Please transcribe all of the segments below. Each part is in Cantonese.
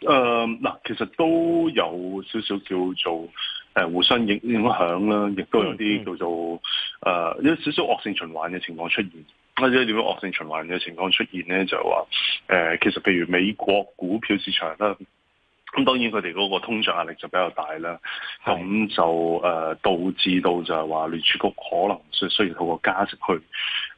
誒，嗱、呃，其實都有少少叫做誒、呃、互相影影響啦，亦都有啲叫做誒有、呃、少少惡性循環嘅情況出現。或者點樣惡性循環嘅情況出現咧？就係話誒、呃，其實譬如美國股票市場啦，咁當然佢哋嗰個通脹壓力就比較大啦，咁是的 就誒、呃、導致到就係話聯儲局可能需需要透過加息去誒呢、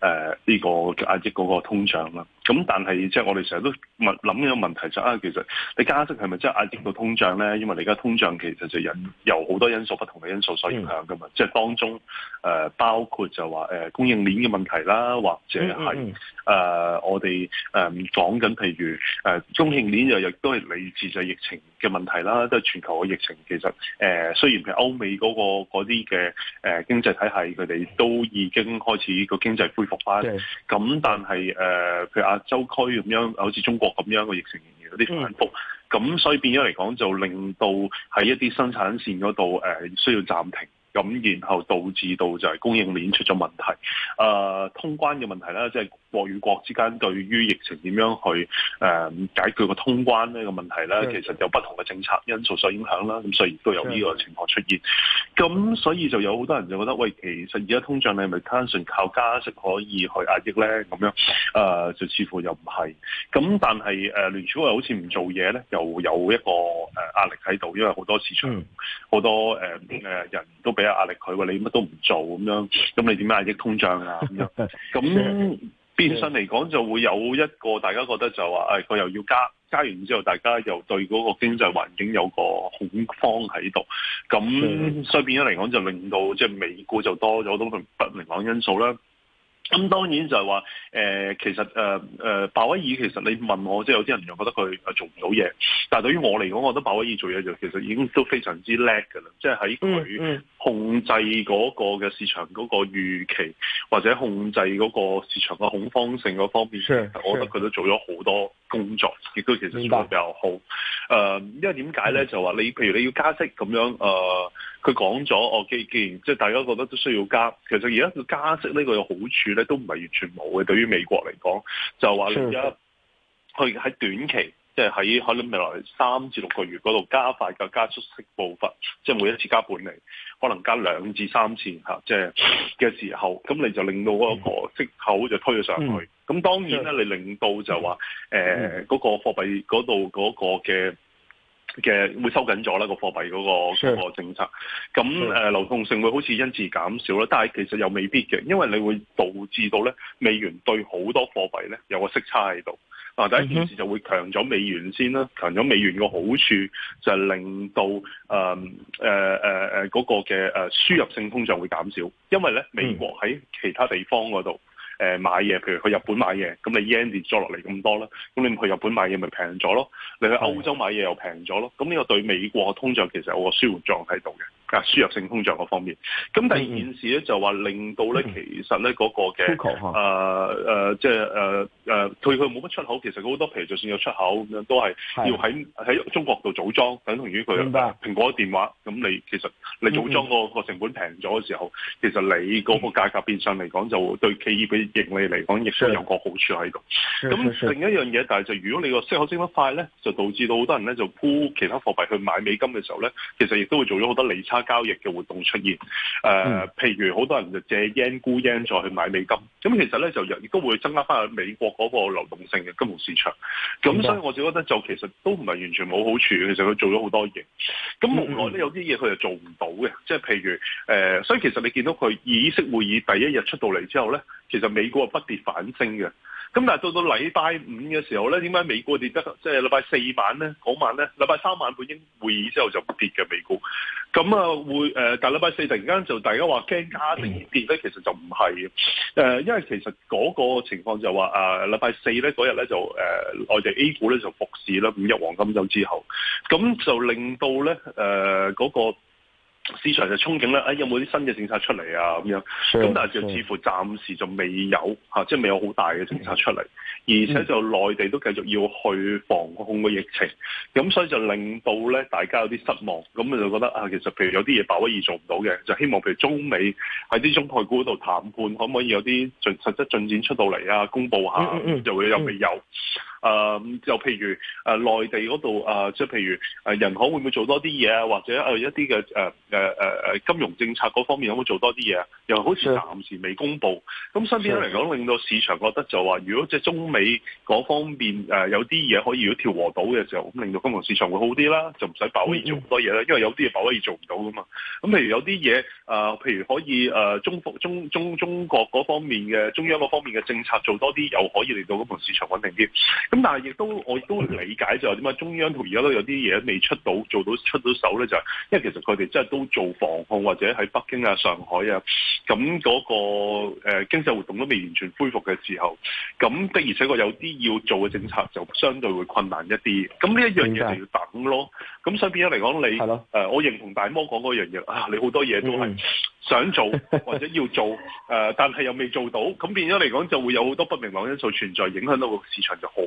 呃這個壓抑嗰個通脹啦。咁但係即係我哋成日都問諗呢個問題就是、啊，其實你加息係咪真係壓抑到通脹咧？因為你而家通脹其實就引由好多因素，不同嘅因素所影響噶嘛，即係當中、呃、包括就話、呃、供應鏈嘅問題啦，或者係、呃、我哋、呃、講緊譬如誒、呃、中興鏈又亦都係嚟自就疫情嘅問題啦，都係全球嘅疫情其實、呃、雖然係歐美嗰、嗰個嗰啲嘅經濟體系，佢哋都已經開始個經濟恢復翻，咁但係、呃、佢壓周區咁樣，好似中國咁樣個疫情有啲復，咁、嗯、所以變咗嚟講，就令到喺一啲生產線嗰度誒需要暫停，咁然後導致到就係供應鏈出咗問題，誒、呃、通關嘅問題咧，即係。國與國之間對於疫情點樣去誒、呃、解決個通關呢個問題咧，其實有不同嘅政策因素所影響啦，咁所以都有呢個情況出現。咁所以就有好多人就覺得，喂，其實而家通脹你係咪單純靠加息可以去壓抑咧？咁樣誒、呃，就似乎又唔係。咁但係誒聯儲會好似唔做嘢咧，又有一個誒、呃、壓力喺度，因為好多市場好、嗯、多誒、呃、人都俾壓力佢，話你乜都唔做咁樣，咁你點壓抑通脹啊？咁樣咁。 變相嚟講就會有一個大家覺得就話，誒佢又要加，加完之後，大家又對嗰個經濟環境有個恐慌喺度，咁所以變咗嚟講就令到即係美股就多咗好多不明朗因素啦。咁當然就係話、呃，其實誒誒，鮑、呃呃、威爾其實你問我，即係有啲人又覺得佢誒做唔到嘢，但係對於我嚟講，我覺得鮑威爾做嘢就其實已經都非常之叻㗎啦，即係喺佢控制嗰個嘅市場嗰個預期，或者控制嗰個市場嘅恐慌性嗰方面，我覺得佢都做咗好多工作，亦都其實做得比較好。誒白、呃，因為點解咧？嗯、就話你譬如你要加息咁樣，誒、呃。佢講咗，我既既然即係大家覺得都需要加，其實而家佢加息呢個有好處咧，都唔係完全冇嘅。對於美國嚟講，就話你而家去喺短期，即係喺可能未來三至六個月嗰度加快嘅加速式步伐，即係每一次加半釐，可能加兩至三次嚇，即係嘅時候，咁你就令到嗰個息口就推咗上去。咁、嗯、當然咧，的你令到就話誒嗰個貨幣嗰度嗰個嘅。嘅會收緊咗啦，個貨幣嗰、那個、Sure. 個政策，咁 Sure.、呃、流動性會好似因此減少啦，但係其實又未必嘅，因為你會導致到咧美元對好多貨幣咧有個息差喺度，啊第一件事就會強咗美元先啦，強咗美元嘅好處就係令到誒誒誒誒嗰個嘅誒輸入性通脹會減少，因為咧美國喺其他地方嗰度。誒買嘢，譬如去日本買嘢，咁你 yen 跌咗落嚟咁多啦。咁你去日本買嘢咪平咗咯？你去歐洲買嘢又平咗咯？咁呢個對美國嘅通脹其實我個舒緩狀態度嘅。啊，輸入性通脹嗰方面，咁第二件事咧就話令到咧其實咧嗰個嘅誒誒，即係誒誒，對佢冇乜出口。其實佢好多譬如，就算有出口咁樣，都係要喺喺 Yeah. 中國度組裝，等同於佢、mm hmm. 蘋果電話。咁你其實你組裝嗰個成本平咗嘅時候，mm hmm. 其實你嗰個價格變相嚟講，就對企業嘅盈利嚟講亦都有個好處喺度。咁另一樣嘢，但係就如果你個息口升得快咧，就導致到好多人咧就鋪其他貨幣去買美金嘅時候咧，其實亦都會做咗好多利差。交易嘅活動出現，誒、呃，譬如好多人就借 yen 沽 yen 再去買美金，咁其實咧就亦都會增加翻去美國嗰個流動性嘅金融市場，咁所以我就覺得就其實都唔係完全冇好處，其實佢做咗好多嘢，咁另外咧有啲嘢佢又做唔到嘅，即係、嗯嗯、譬如誒、呃，所以其實你見到佢議息會議第一日出到嚟之後咧，其實美股係不跌反升嘅。咁但係到到禮拜五嘅時候咧，點解美股跌得即係禮拜四晚咧嗰晚咧，禮拜三晚本應會議之後就跌嘅美股，咁啊會但係禮拜四突然間就大家話驚加定跌咧，其實就唔係誒，因為其實嗰個情況就話誒，禮拜四咧嗰日咧就誒，內地 A 股咧就復市啦，五一黃金週之後，咁就令到咧誒嗰個。市場就憧憬咧、哎，有冇啲新嘅政策出嚟啊？咁樣的，咁但係就似乎暫時就未有是的、啊、即係未有好大嘅政策出嚟，嗯、而且就內地都繼續要去防控個疫情，咁所以就令到咧大家有啲失望，咁就覺得啊，其實譬如有啲嘢白威爾做唔到嘅，就希望譬如中美喺啲中概股度談判，可唔可以有啲進實質進展出到嚟啊？公佈下，嗯嗯嗯嗯就會有微有。誒、嗯、就譬如誒、呃、內地嗰度誒，即、呃、譬如誒、呃、人行會唔會做多啲嘢啊？或者一啲嘅誒誒金融政策嗰方面有冇做多啲嘢啊？又好似暫時未公布，咁身邊嚟講令到市場覺得就話，如果即係中美嗰方面誒、呃、有啲嘢可以如果調和到嘅時候，咁令到金融市場會好啲啦，就唔使鮑威做咁多嘢啦，嗯、因為有啲嘢鮑威做唔到噶嘛。咁譬如有啲嘢誒，譬如可以誒、呃、中中中中國嗰方面嘅中央嗰方面嘅政策做多啲，又可以令到金融市場穩定啲。咁但係亦都我亦都理解就係點解中央同而家都有啲嘢未出到做到出到手咧、就是，就因為其實佢哋真係都做防控或者喺北京啊、上海啊，咁嗰、那個誒、呃、經濟活動都未完全恢復嘅時候，咁的而且確有啲要做嘅政策就相對會困難一啲。咁呢一樣嘢就要等咯。咁所以變咗嚟講，你的、呃、我認同大摩講嗰樣嘢啊，你好多嘢都係想做、嗯、 或者要做誒、呃，但係又未做到，咁變咗嚟講就會有好多不明朗因素存在，影響到個市場就好。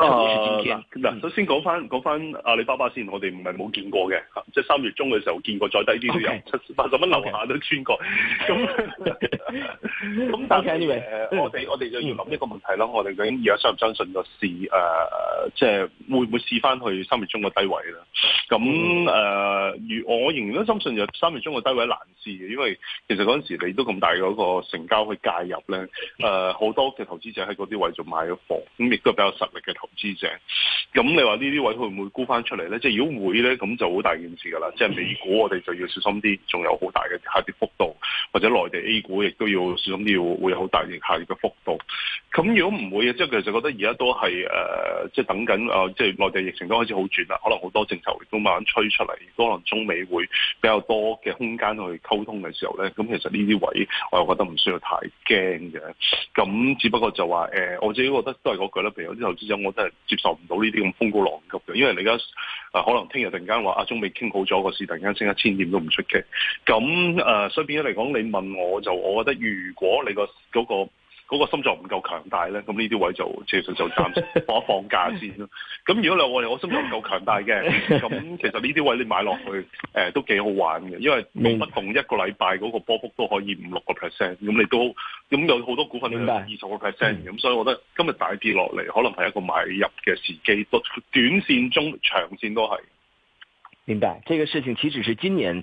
嗱、啊，首先講翻講翻阿里巴巴先，我哋唔係冇見過嘅，即係三月中嘅時候見過，再低啲都有七八十蚊樓下都穿過。咁咁但係誒我哋我哋就要諗一個問題啦。Okay. 我哋究竟而家相唔相信就試即係會唔會試翻去三月中個低位啦，咁誒如我仍然都深信，有三月中個低位難試嘅，因為其實嗰陣時你都咁大嗰個成交去介入咧，誒、呃、好多嘅投資者喺嗰啲位做買咗貨，咁亦都比較實力嘅投。知正，咁你話呢啲位會唔會沽翻出嚟咧？即係如果會咧，咁就好大件事㗎啦。即係美股我哋就要小心啲，仲有好大嘅下跌幅度，或者內地 A 股亦都要小心啲，要會有好大嘅下跌嘅幅度。咁如果唔會啊，即係其實覺得而家都係即係等緊啊，即係內地疫情都開始好轉啦，可能好多政策都慢慢吹出嚟，都可能中美會比較多嘅空間去溝通嘅時候咧，咁其實呢啲位我又覺得唔需要太驚嘅。咁只不過就話、呃、我自己覺得都係嗰句啦。譬如有啲投資者真係接受唔到呢啲咁風高浪急嘅，因為你而家啊，可能聽日突然間話阿中美傾好咗個事，突然間升一千點都唔出奇。咁誒，所以變咗嚟講，你問我就，我覺得如果你個嗰個。嗰個心臟唔夠強大咧，咁呢啲位就其實就暫時放一放假先咯。咁 如果你我哋我心臟唔夠強大嘅，咁其實呢啲位你買落去，誒、呃、都幾好玩嘅，因為每不同一個禮拜嗰個波幅都可以五六個 percent，咁你都咁有好多股份都二十個 percent 嘅，咁明白，所以我覺得今日大跌落嚟可能係一個買入嘅時機，都短線中長線都係。明白，這個事情其實是今年。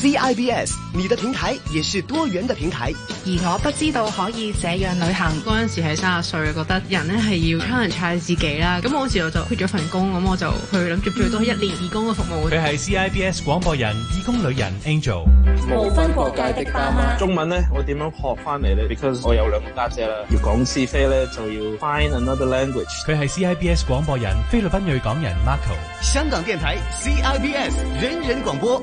CIBS 你的平台也是多元的平台，而我不知道可以這樣旅行。嗰陣時係三十歲，覺得人咧係要挑戰自己啦。咁我好似我就去咗份工，咁我就去諗住最多一年義工嘅服務。佢係 CIBS 廣播人，義工女人 Angel。無分國界的家媽，中文咧我點樣學翻嚟咧？Because 我有兩個家姐啦，要講是非咧就要 find another language。佢係 CIBS 廣播人，菲律賓裔港人 Marco。香港電台 CIBS 人人廣播。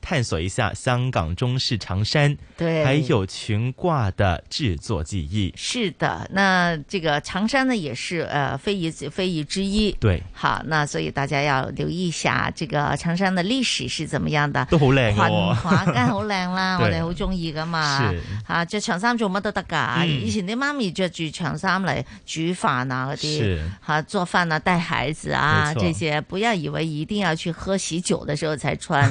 探索一下香港中式長衫，對，還有裙褂的製作技藝。是的，那這個長衫呢也是呃非遺非遺之一。對，好，那所以大家要留意一下這個長衫的歷史是怎麼樣的。都好靚嘅，華華梗係好靚啦，我哋好中意噶嘛。啊，着長衫做乜都得噶。以前的媽咪着住長衫來煮飯啊嗰啲，哈，做飯啊帶孩子啊這些，不要以為一定要去喝喜酒的時候才穿，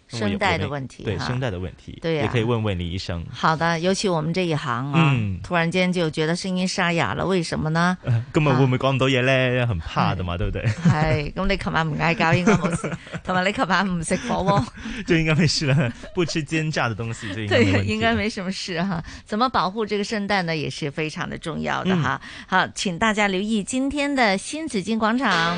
聲帶的問題，對聲帶的問題，對呀，也可以問問李醫生。好的，尤其我們這一行啊，突然間就覺得聲音沙啞了，為什麼呢？根本會不會講唔到嘢呢？很怕的嘛，對不對？係，咁你琴晚唔嗌交應該冇事，同埋你琴晚唔食火鍋，就應該冇事啦。不吃煎炸的東西就應該。對，應該沒什麼事哈。怎麼保護這個聲帶呢？也是非常的重要的哈。好，請大家留意今天的新紫荊廣場。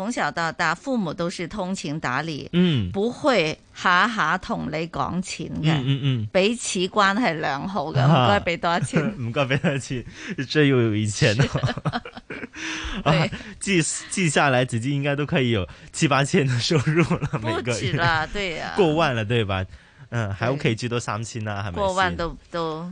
從小到大，父母都是通情達理，嗯，不會下下同你講錢嘅，嗯嗯，彼此關係良好嘅，唔該俾多錢，唔該俾多錢，這又有一千啦，啊，對，啊，記記下來，自己應該都可以有七八千嘅收入啦，了每個月，對啊，過萬了對吧？嗯，還可以住多三千啦，啊，過萬都都。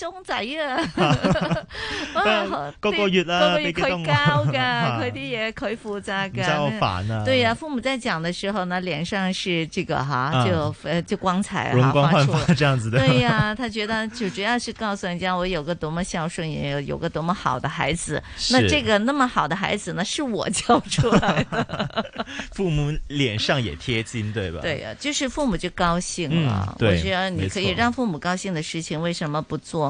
中仔啊，個個月啦，個月佢教噶，佢啲嘢佢負責噶。煩啊！對呀，父母在講的時候呢，臉上是這個哈，就呃就光彩啊，容光煥發這樣子的。對呀，他覺得就主要是告訴人家我有個多麼孝順，也有有個多麼好的孩子。那這個那麼好的孩子呢，是我教出來的。父母臉上也貼金，對吧？對呀，就是父母就高興了。我覺得你可以讓父母高興的事情，為什麼不做？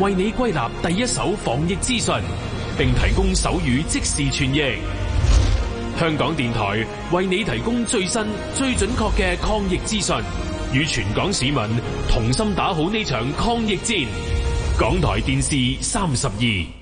為你歸納第一手防疫資訊，並提供手語即時傳譯。香港電台為你提供最新、最準確嘅抗疫資訊，與全港市民同心打好呢場抗疫戰。港台電視三十二。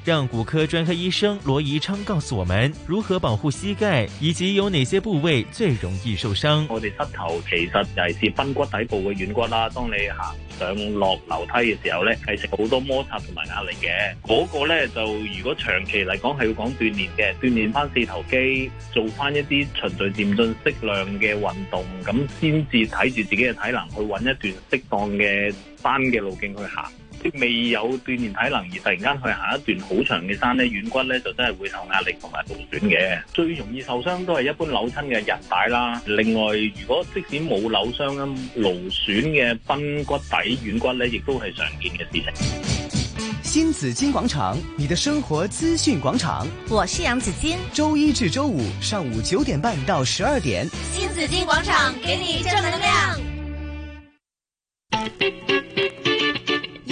讓骨科專科醫生羅宜昌告訴我們如何保護膝蓋，以及有哪些部位最容易受傷。我哋膝頭其實就係似髕骨底部嘅軟骨啦，啊。當你行上落樓梯嘅時候咧，係食好多摩擦同埋壓力嘅。嗰、那個咧就如果長期嚟講係要講鍛鍊嘅，鍛鍊返四頭肌，做返一啲循序漸進、適量嘅運動，咁先至睇住自己嘅體能去揾一段適當嘅山嘅路徑去行。未有鍛鍊體能而突然間去行一段好長嘅山咧，軟骨咧就真係會受壓力同埋勞損嘅。最容易受傷都係一般扭親嘅韌帶啦。另外，如果即使冇扭傷啊勞損嘅崩骨底軟骨咧，亦都係常見嘅事情。新紫荊廣場，你的生活資訊廣場。我係楊子矜。週一至週五上午九點半到十二點。新紫荊廣場，給你正能量。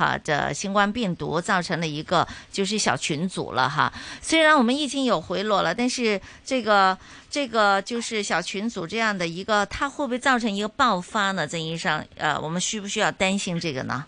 哈的、啊、新冠病毒造成了一個就是小群組了哈、啊，雖然我們已經有回落了，但是這個這個就是小群組這樣的一個，它會不會造成一個爆發呢？曾醫生，呃、啊，我們需不需要擔心這個呢？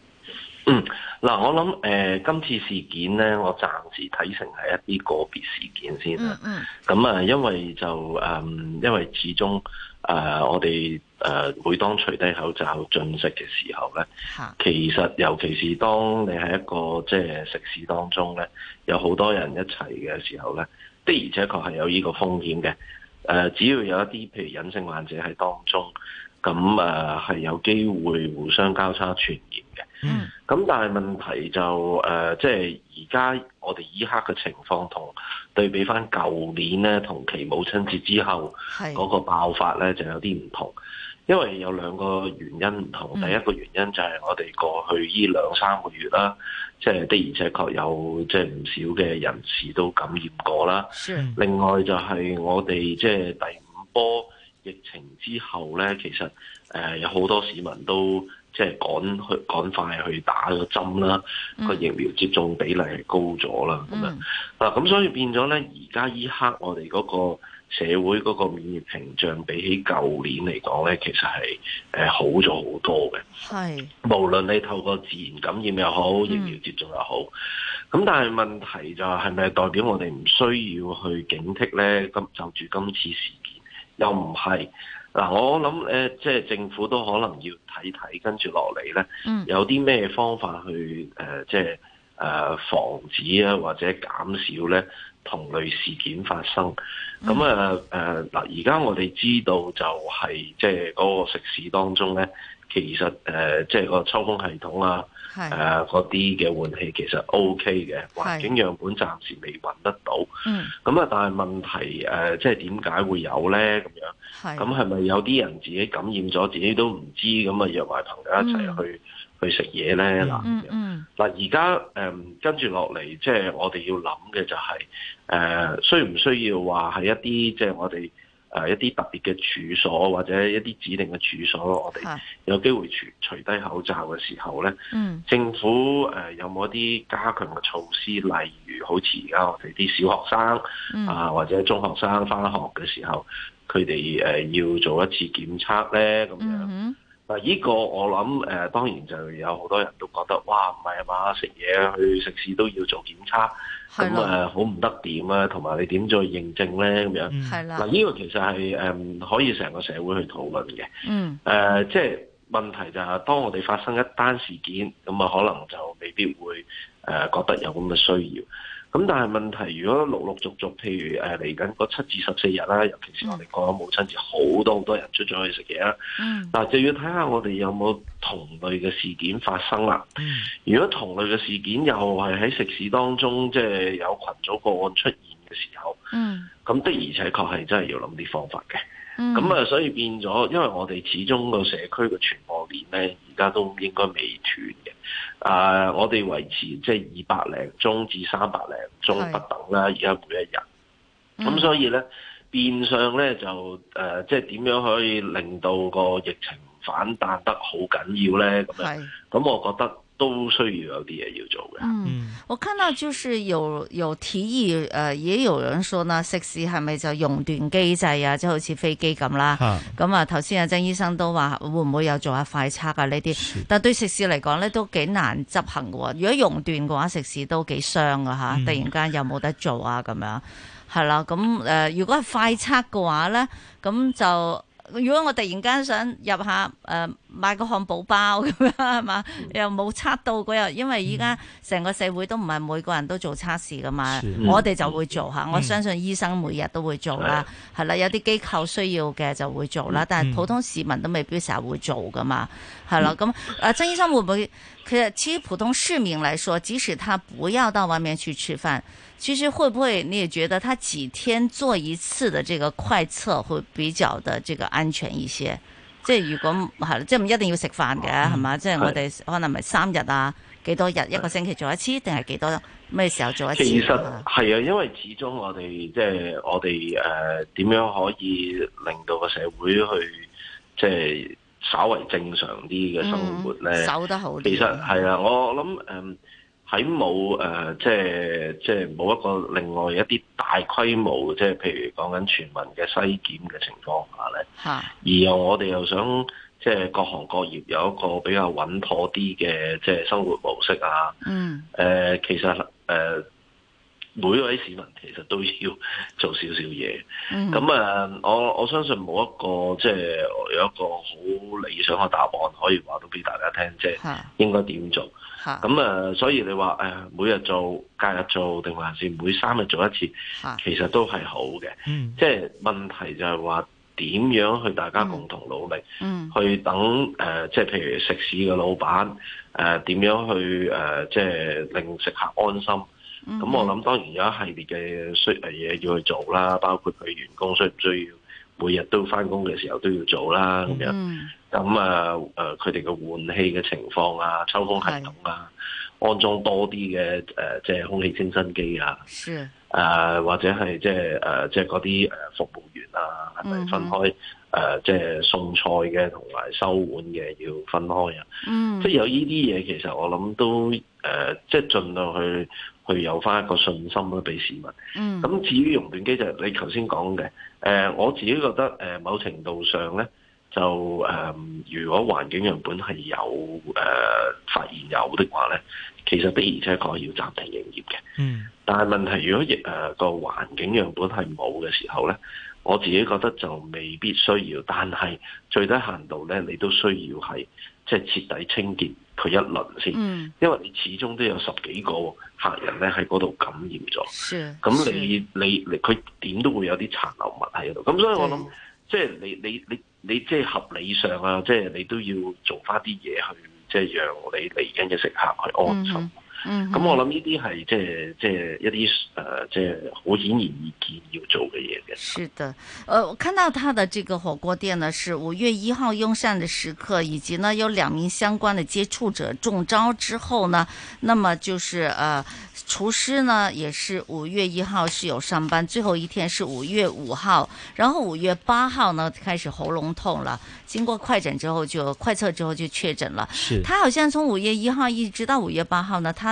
嗯，嗱，我諗，誒、呃，今次事件呢，我暫時睇成係一啲個別事件先啦、嗯。嗯嗯。咁啊，因為就誒、嗯，因為始終。誒，uh, 我哋誒，uh, 每當除低口罩進食嘅時候咧，的其實尤其是當你喺一個即係、就是、食肆當中咧，有好多人一齊嘅時候咧，的而且確係有呢個風險嘅。Uh, 只要有一啲譬如隱性患者喺當中，咁誒係有機會互相交叉傳。嗯，咁但係問題就誒，即係而家我哋依刻嘅情況同對比翻舊年咧同期母親節之後嗰是個爆發咧就有啲唔同，因為有兩個原因唔同。嗯、第一個原因就係我哋過去呢兩三個月啦，即、就、係、是、的而且確有即係唔少嘅人士都感染過啦。是另外就係我哋即係第五波疫情之後咧，其實誒、呃、有好多市民都。即係趕去趕快去打咗針啦，個、嗯、疫苗接種比例係高咗啦咁樣咁所以變咗咧，而家依刻我哋嗰個社會嗰個免疫屏障比起舊年嚟講咧，其實係誒好咗好多嘅。係是，無論你透過自然感染又好，疫苗接種又好，咁、嗯、但係問題就係咪代表我哋唔需要去警惕咧？咁就住今次事件又唔係。嗱，我諗誒，即係政府都可能要睇睇，跟住落嚟咧，有啲咩方法去誒，即係誒防止啊，或者減少咧同類事件發生。咁啊誒，嗱，而家我哋知道就係即係嗰個食肆當中咧，其實誒，即係個抽風系統啊。係嗰啲嘅換氣其實 O K 嘅，環境樣本暫時未揾得到，咁啊、嗯、但係問題誒、呃、即係點解會有咧咁樣？咁係咪有啲人自己感染咗，自己都唔知，咁啊約埋朋友一齊去、嗯、去食嘢咧？嗱、嗱而家跟住落嚟，即、就、係、是、我哋要諗嘅就係、是、誒、呃、需唔需要話係一啲即係我哋。誒、啊、一啲特別嘅處所或者一啲指定嘅處所，我哋有機會除除低口罩嘅時候咧，嗯、政府、呃、有冇一啲加強嘅措施？例如好似而家我哋啲小學生、嗯、啊，或者中學生翻學嘅時候，佢哋、嗯呃、要做一次檢測咧咁樣。嗱、嗯哼，呢個我諗誒、呃，當然就有好多人都覺得，哇，唔係嘛，食嘢去食肆都要做檢測。咁啊，好唔得掂啊，同埋你點再認證咧？咁樣，嗱的，呢個其實係、嗯、可以成個社會去討論嘅。誒，即係問題就係、是，當我哋發生一單事件，咁啊，可能就未必會誒、呃、覺得有咁嘅需要。咁但係問題，如果陸陸續續，譬如誒嚟緊個七至十四日啦，尤其是我哋過咗母親節，好、嗯、多好多人出咗去食嘢啦。嗯。嗱，就要睇下我哋有冇同類嘅事件發生啦。嗯。如果同類嘅事件又係喺食肆當中，即、就、係、是、有群組個案出現嘅時候，嗯。咁的而且確係真係要諗啲方法嘅。咁、嗯、啊，所以變咗，因為我哋始終個社區嘅傳播鏈咧，而家都應該未斷嘅。誒，uh, 我哋維持即係二百零宗至三百零宗不等啦，而家是每一日。咁、mm. 所以咧，變相咧就誒、呃，即係點樣可以令到個疫情反彈得好緊要咧？咁樣，咁我覺得。都需要有啲嘢要做嘅。嗯，我看到就是有有提議，誒、呃，也有人說呢，食肆係咪就熔斷機制啊？即係好似飛機咁啦。咁啊，頭先阿曾醫生都話，會唔會有做下快測啊？呢啲，是但對食肆嚟講咧，都幾難執行嘅，啊。如果熔斷嘅話，食肆都幾傷噶吓，嗯，突然間又冇得做啊，咁樣係啦。咁誒，呃，如果係快測嘅話咧，咁就如果我突然間想入下誒。呃買個漢堡包咁樣係嘛？又冇測到嗰日，因為依家成個社會都唔係每個人都做測試噶嘛。的我哋就會做嚇，我相信醫生每日都會做啦，係啦。有啲機構需要嘅就會做啦，嗯、但係普通市民都未必成日會做噶嘛，係、嗯、啦。咁啊，曾醫生，會唔會，其實，其實普通市民嚟說，即使他不要到外面去吃飯，其實會唔會你也覺得他幾天做一次嘅這個快測會比較的這個安全一些？即係如果係，即係唔一定要食飯嘅係嘛？即係我哋可能咪三日啊，幾多日一個星期做一次，定係幾多咩時候做一次？其實係啊，因為始終我哋即係我哋誒點樣可以令到個社會去即係、就是、稍為正常啲嘅生活咧、嗯，守得好。其實係啊，我諗誒。呃喺冇誒，即係，即係冇一個另外一啲大規模，即係譬如講緊全民嘅篩檢嘅情況下咧，的而我哋又想即係各行各業有一個比較穩妥啲嘅即係生活模式啊。嗯、呃，其實、呃、每一位市民其實都要做少少嘢。咁啊、嗯哼呃，我我相信冇一個即係有一個好理想嘅答案可以話到俾大家聽，即係應該點做。咁啊，所以你話每日做、隔日做，定還是每三日做一次，其實都係好嘅。嗯，即係問題就係話點樣去大家共同努力，嗯，嗯去等、呃、即係譬如食肆嘅老闆誒點、呃、樣去、呃、即係令食客安心。咁、嗯、我諗當然有一系列嘅需嘢要去做啦，包括佢員工需唔需要每日都返工嘅時候都要做啦咁樣。嗯咁啊，誒佢哋嘅換氣嘅情況啊，抽風系統啊，的安裝多啲嘅誒，即係空氣清新機啊，是的、呃、或者係即係誒，即係嗰啲服務員啊，係咪、嗯、哼分開誒、呃，即係送菜嘅同埋收碗嘅要分開啊？嗯，即係有呢啲嘢，其實我諗都誒、呃，即係盡量去去有翻一個信心咯，俾市民。嗯，咁至於熔斷機就係你頭先講嘅，誒、呃、我自己覺得誒、呃、某程度上咧。就誒、嗯，如果環境樣本係有誒、呃、發現有的話咧，其實的而且確要暫停營業嘅。嗯。但係問題係，如果亦誒個環境樣本係冇嘅時候咧，我自己覺得就未必需要。但係最低限度咧，你都需要係即係徹底清潔佢一輪先。嗯。因為你始終都有十幾個客人咧喺嗰度感染咗。咁是你是你佢點都會有啲殘留物喺度。咁所以我諗，是即係你你你。你你你即係合理上啊，即係你都要做返啲嘢去，即係讓你嚟緊嘅食客去安心。Mm hmm. 嗯，咁我諗呢啲係即係即係一啲誒即係好顯而易見要做嘅嘢嘅。是的，呃，我看到他的這個火鍋店呢，是五月一號用膳的時刻食客，以及呢有兩名相關的接觸者中招之後呢，那麼就是呃廚師呢也是五月一號是有上班，最後一天是五月五號。然後五月八號呢開始喉嚨痛了，經過快診之後就快測之後就確診了。是。他好像從五月一號一直到五月八號呢，他。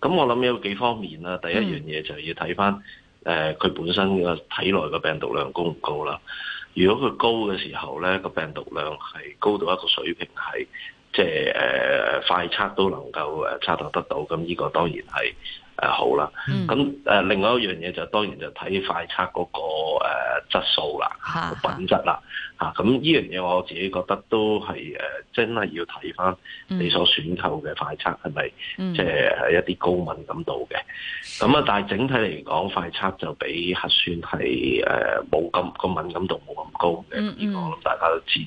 咁我諗有幾方面啦、啊，第一樣嘢就要睇翻，誒、嗯，佢、呃、本身個體內嘅病毒量高唔高啦。如果佢高嘅時候咧，個病毒量係高到一個水平，係即係誒快測都能夠誒測得得到，咁呢個當然係誒、呃、好啦。咁誒、嗯呃、另外一樣嘢就係、當然就睇快測嗰、那個誒質、呃、素啦，哈哈品質啦。嚇咁呢樣嘢，啊、我自己覺得都係誒、啊，真係要睇翻你所選購嘅快測係咪，即係、嗯、一啲高敏感度嘅。咁啊，但係整體嚟講，快測就比核酸係誒冇咁個敏感度冇咁高嘅。呢、嗯、個我諗大家都知。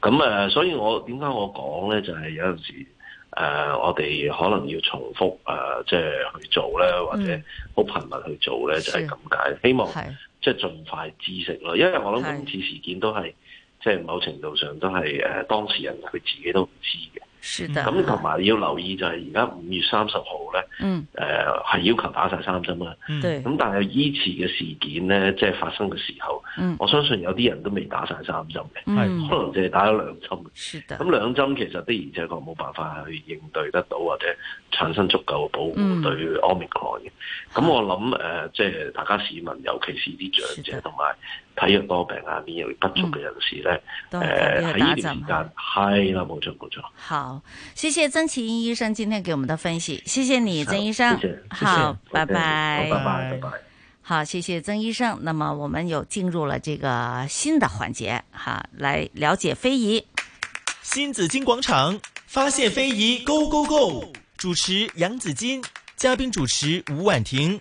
咁誒、啊，所以我點解我講咧，就係、是、有陣時誒、啊，我哋可能要重複誒，即、啊、係、就是、去做咧，或者好頻密去做咧，嗯、就係咁解。希望即係盡快知悉咯，因為我諗今次事件都係。即係某程度上都係誒，當事人佢自己都唔知嘅。咁同埋要留意就係而家五月三十號呢，嗯、誒係要求打晒三針啊。咁但係依次嘅事件呢，即係發生嘅時候，我相信有啲人都未打晒三針嘅，可能就係打咗兩針。咁兩針其實的而且確冇辦法去應對得到或者產生足夠嘅保護對安 m i 嘅。咁我諗誒，即係大家市民，尤其是啲長者同埋，體弱多病啊、免疫力不足嘅人士咧，誒喺呢段時間係啦，冇錯冇錯。做做好，謝謝曾祈殷醫生今天給我們的分析，謝謝你曾醫生。謝謝好，謝謝拜拜好，拜拜。哎、好，謝謝曾醫生。那麼，我們又進入了這個新的環節，哈，來了解非遺。新紫荊廣場發現非遺，Go Go Go！Go 主持楊子矜，嘉賓主持伍婉婷。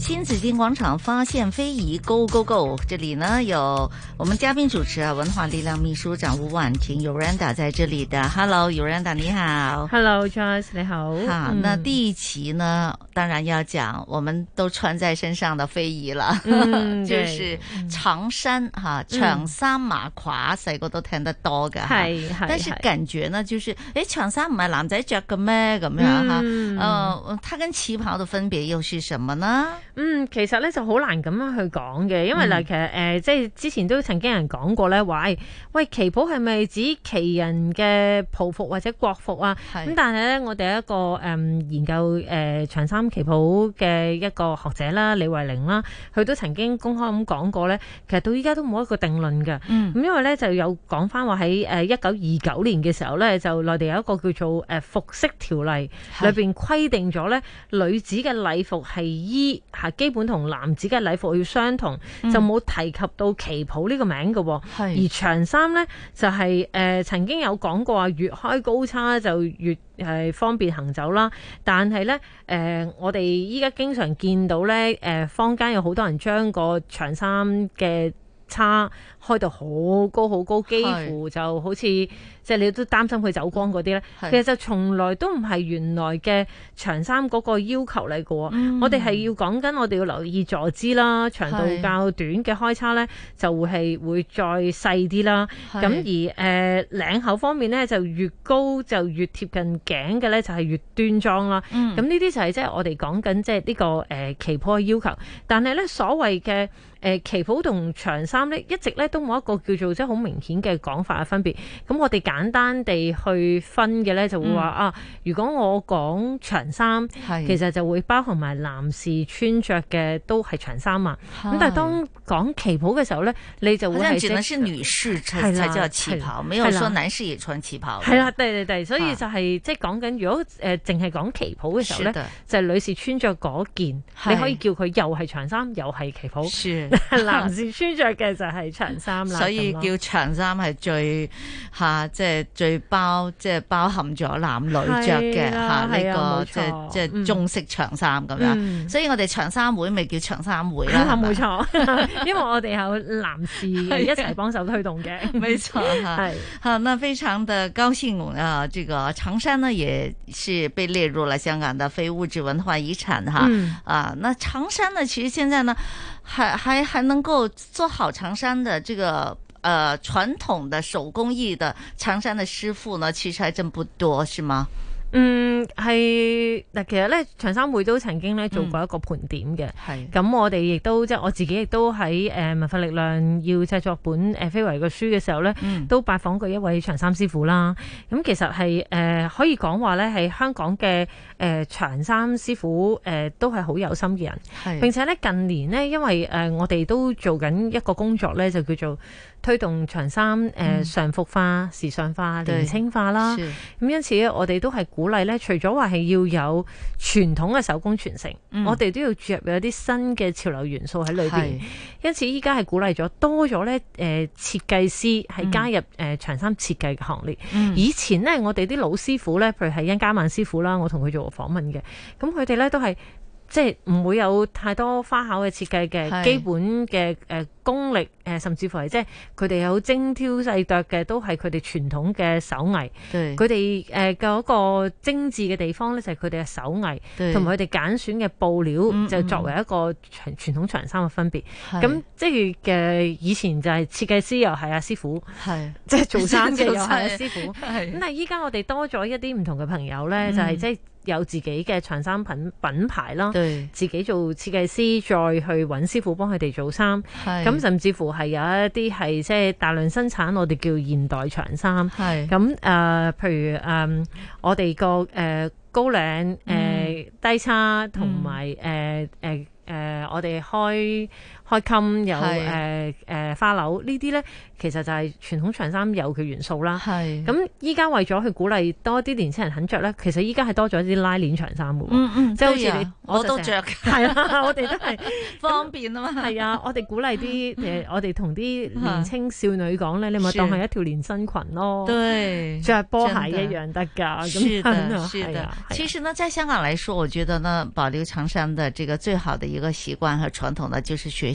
新紫荊廣場發現非遺，Go Go Go！這裏呢有我們嘉賓主持啊，文化力量秘書長伍婉婷，尤然達在這裏的，Hello，尤然達你好 Hello，Charles 你好。Hello, oss，你好，哈嗯、那第一期呢，當然要講我們都穿在身上的非遺了，嗯、 就是長衫哈，嗯、長衫馬褂，細、嗯、個都聽得多噶。係，是是，但是感覺呢，是就是誒，長衫唔係男仔着嘅咩？咁樣哈，嗯、呃，它跟旗袍的分別又是什麼呢？嗯，其實咧，就好難咁樣去講嘅，因為嗱，嗯、其實誒即係之前都曾經有人講過咧，話，喂旗袍係咪指旗人嘅袍服或者國服啊？咁是但係咧，我哋有一個誒、嗯、研究誒、呃、長衫旗袍嘅一個學者啦，李慧玲啦，佢都曾經公開咁講過咧，其實到依家都冇一個定論嘅。咁、嗯、因為咧就有講翻話，喺一九二九年嘅時候咧，就內地有一個叫做誒、呃、服飾條例，裏邊規定咗咧是女子嘅禮服係依。基本同男子嘅禮服要相同，嗯、就冇提及到旗袍呢個名嘅。是而長衫呢，就係、是呃、曾經有講過話，越開高叉就越係、呃、方便行走啦。但係呢，呃、我哋依家經常見到呢，誒、呃，坊間有好多人將個長衫嘅叉開到好高好高，是幾乎就好似。即係你都擔心佢走光嗰啲咧，其實就從來都唔係原來嘅長衫嗰個要求嚟嘅、喔。嗯、我哋係要講緊，我哋要留意坐姿啦，長度較短嘅開叉咧就會係會再細啲啦。咁是而誒、呃、領口方面咧，就越高就越貼近頸嘅咧，就係、是、越端莊啦。咁呢啲就係即係我哋講緊即係呢個誒旗袍嘅要求。但係咧，所謂嘅誒旗袍同長衫咧，一直咧都冇一個叫做即係好明顯嘅講法嘅分別。咁我哋揀。簡單地去分嘅咧，就會話啊，如果我講長衫，其實就會包含埋男士穿着嘅都係長衫啊。咁但係當講旗袍嘅時候咧，你就會真係只能是女士穿，才叫做旗袍，沒有說男士也穿旗袍。係啦，對對對，所以就係即係講緊，如果誒淨係講旗袍嘅時候咧，就係女士穿着嗰件，你可以叫佢又係長衫，又係旗袍。男士穿着嘅就係長衫啦。所以叫長衫係最下。即係最包，即係包含咗男女着嘅嚇呢個即係即係中式長衫咁樣。所以我哋長衫會咪叫長衫會啦。冇錯，因為我哋有男士一齊幫手推動嘅。冇錯，係嚇。那非常的，高興啊，這個長衫呢，也是被列入了香港的非物質文化遺產哈。啊，那長衫呢，其實現在呢，還還還能夠做好長衫的這個誒、呃，傳統的手工藝的長衫的師傅呢，其實還真不多，是嗎？嗯，係嗱，其實咧，長衫會都曾經咧做過一個盤點嘅。係咁、嗯、我哋亦都即係我自己亦都喺誒、呃、文化力量要製作本誒、呃、非遺嘅書嘅時候咧，嗯、都拜訪過一位長衫師傅啦。咁、嗯、其實係誒、呃、可以講話咧，係香港嘅誒、呃、長衫師傅誒、呃、都係好有心嘅人。係是並且咧，近年呢因為誒、呃、我哋都做緊一個工作咧，就叫做。推動長衫上常服化、嗯、時尚化、年青化啦，咁對因此我哋都係鼓勵咧，除咗話係要有傳統嘅手工傳承，嗯、我哋都要注入有啲新嘅潮流元素喺裏面。是因此依家係鼓勵咗多咗咧，誒設計師係加入誒長衫設計行列。嗯、以前咧，我哋啲老師傅咧，譬如係殷家萬師傅啦，我同佢做過訪問嘅，咁佢哋咧都係。即係唔會有太多花巧嘅設計嘅是基本嘅誒、呃、功力誒、呃，甚至乎係即係佢哋有精挑細琢嘅，都係佢哋傳統嘅手藝。佢哋誒嘅一個精緻嘅地方咧，就係佢哋嘅手藝，同埋佢哋揀選嘅布料，嗯嗯嗯就作為一個長傳統長衫嘅分別。咁是即係嘅、呃、以前就係設計師又係阿師傅，係即係做衫嘅又係師傅。咁 是但係依家我哋多咗一啲唔同嘅朋友咧，就係即係。嗯有自己嘅長衫品品牌咯，對自己做設計師，再去揾師傅幫佢哋做衫。咁是甚至乎係有一啲係即係大量生產，我哋叫現代長衫。咁誒是、呃，譬如誒、呃，我哋個誒高領誒、呃嗯、低叉，同埋誒誒誒，我哋開開襟有誒誒花樓呢啲咧，其實就係傳統長衫有嘅元素啦。係咁，依家為咗去鼓勵多啲年青人肯着咧，其實依家係多咗啲拉鍊長衫嘅。即係好似你我都着嘅。係啦，我哋都係方便啊嘛。係啊，我哋鼓勵啲誒，我哋同啲年青少女講咧，你咪當係一條連身裙咯。對，着波鞋一樣得㗎。咁係，是其實呢，即係香港嚟說，我覺得呢保留長衫嘅這個最好的一個習慣和傳統呢，就是學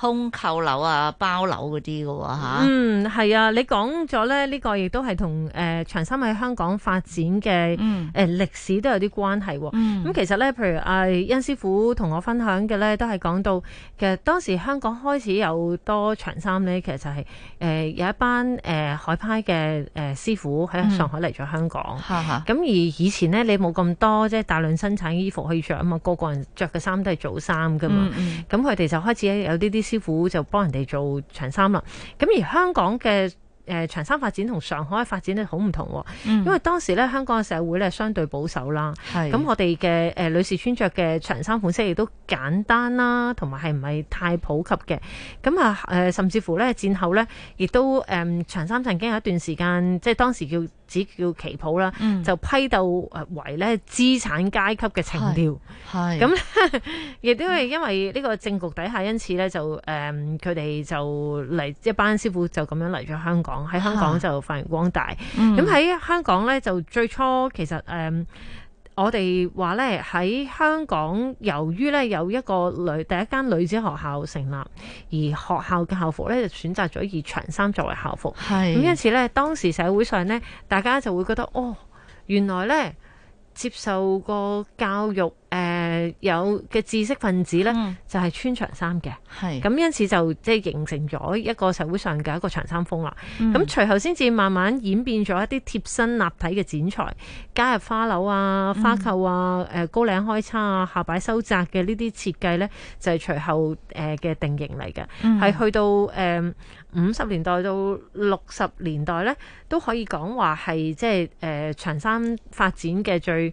空扣樓啊，包樓嗰啲㗎喎。嗯，係啊，你講咗咧，呢、這個亦都係同誒長衫喺香港發展嘅誒、嗯呃、歷史都有啲關係、啊。咁、嗯嗯、其實咧，譬如阿、啊、殷師傅同我分享嘅咧，都係講到其實當時香港開始有多長衫咧，其實就係、是、誒、呃、有一班誒、呃、海派嘅誒、呃、師傅喺上海嚟咗香港。咁、嗯、而以前咧，你冇咁多即係大量生產衣服去着啊嘛，個個人着嘅衫都係做衫㗎嘛。咁佢哋就開始有啲啲。師傅就幫人哋做長衫啦，咁而香港嘅。誒、呃、長衫發展同上海嘅發展咧好唔同，啊，嗯、因為當時咧香港嘅社會咧相對保守啦，咁是我哋嘅誒女士穿着嘅長衫款式亦都簡單啦，同埋係唔係太普及嘅，咁啊誒甚至乎咧戰後咧亦都誒、呃、長衫曾經有一段時間，即係當時叫只叫旗袍啦，嗯、就批鬥為咧資產階級嘅情調，咁亦呢、嗯、都係因為呢個政局底下，因此咧就誒佢哋就嚟一班師傅就咁樣嚟咗香港。喺香港就發揚光大。咁喺、啊嗯、香港咧，就最初其實誒、嗯、我哋話咧喺香港由呢，由於咧有一個女第一間女子學校成立，而學校嘅校服咧就選擇咗以長衫作為校服。咁是，因此咧當時社會上咧，大家就會覺得哦，原來咧接受過教育。誒、呃、有嘅知識分子咧，嗯、就係穿長衫嘅，咁是因此就即係形成咗一個社會上嘅一個長衫風啦。咁、嗯、隨後先至慢慢演變咗一啲貼身立體嘅剪裁，加入花紐啊、花扣啊、嗯呃、高領開叉啊、下擺收窄嘅呢啲設計咧，就係、是、隨後誒嘅定型嚟嘅。係、嗯、去到誒五十年代到六十年代咧，都可以講話係即係誒長衫發展嘅最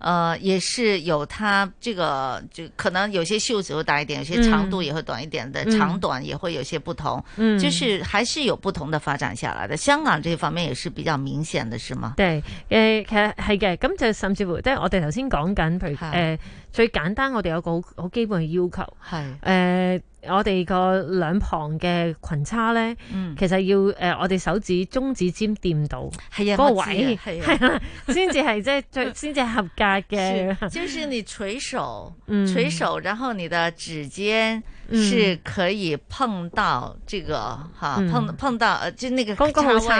呃，也是有，它這個就可能有些袖子會大一點，有些長度也會短一點的，嗯、長短也會有些不同。嗯，就是還是有不同的發展下來的。香港這方面也是比較明顯的是嗎？對，誒、呃，其實係嘅，咁就甚至乎即係我哋頭先講緊，譬如誒、呃、最簡單，我哋有個好好基本嘅要求係誒。是呃我哋個兩旁嘅裙叉咧，嗯、其實要誒、呃，我哋手指中指尖掂到嗰的個位，係啦，先至係即係先至合格嘅。就算你垂手，垂 手，然後你嘅指尖。嗯是可以碰到這個，哈，碰碰到，呃，就那個叉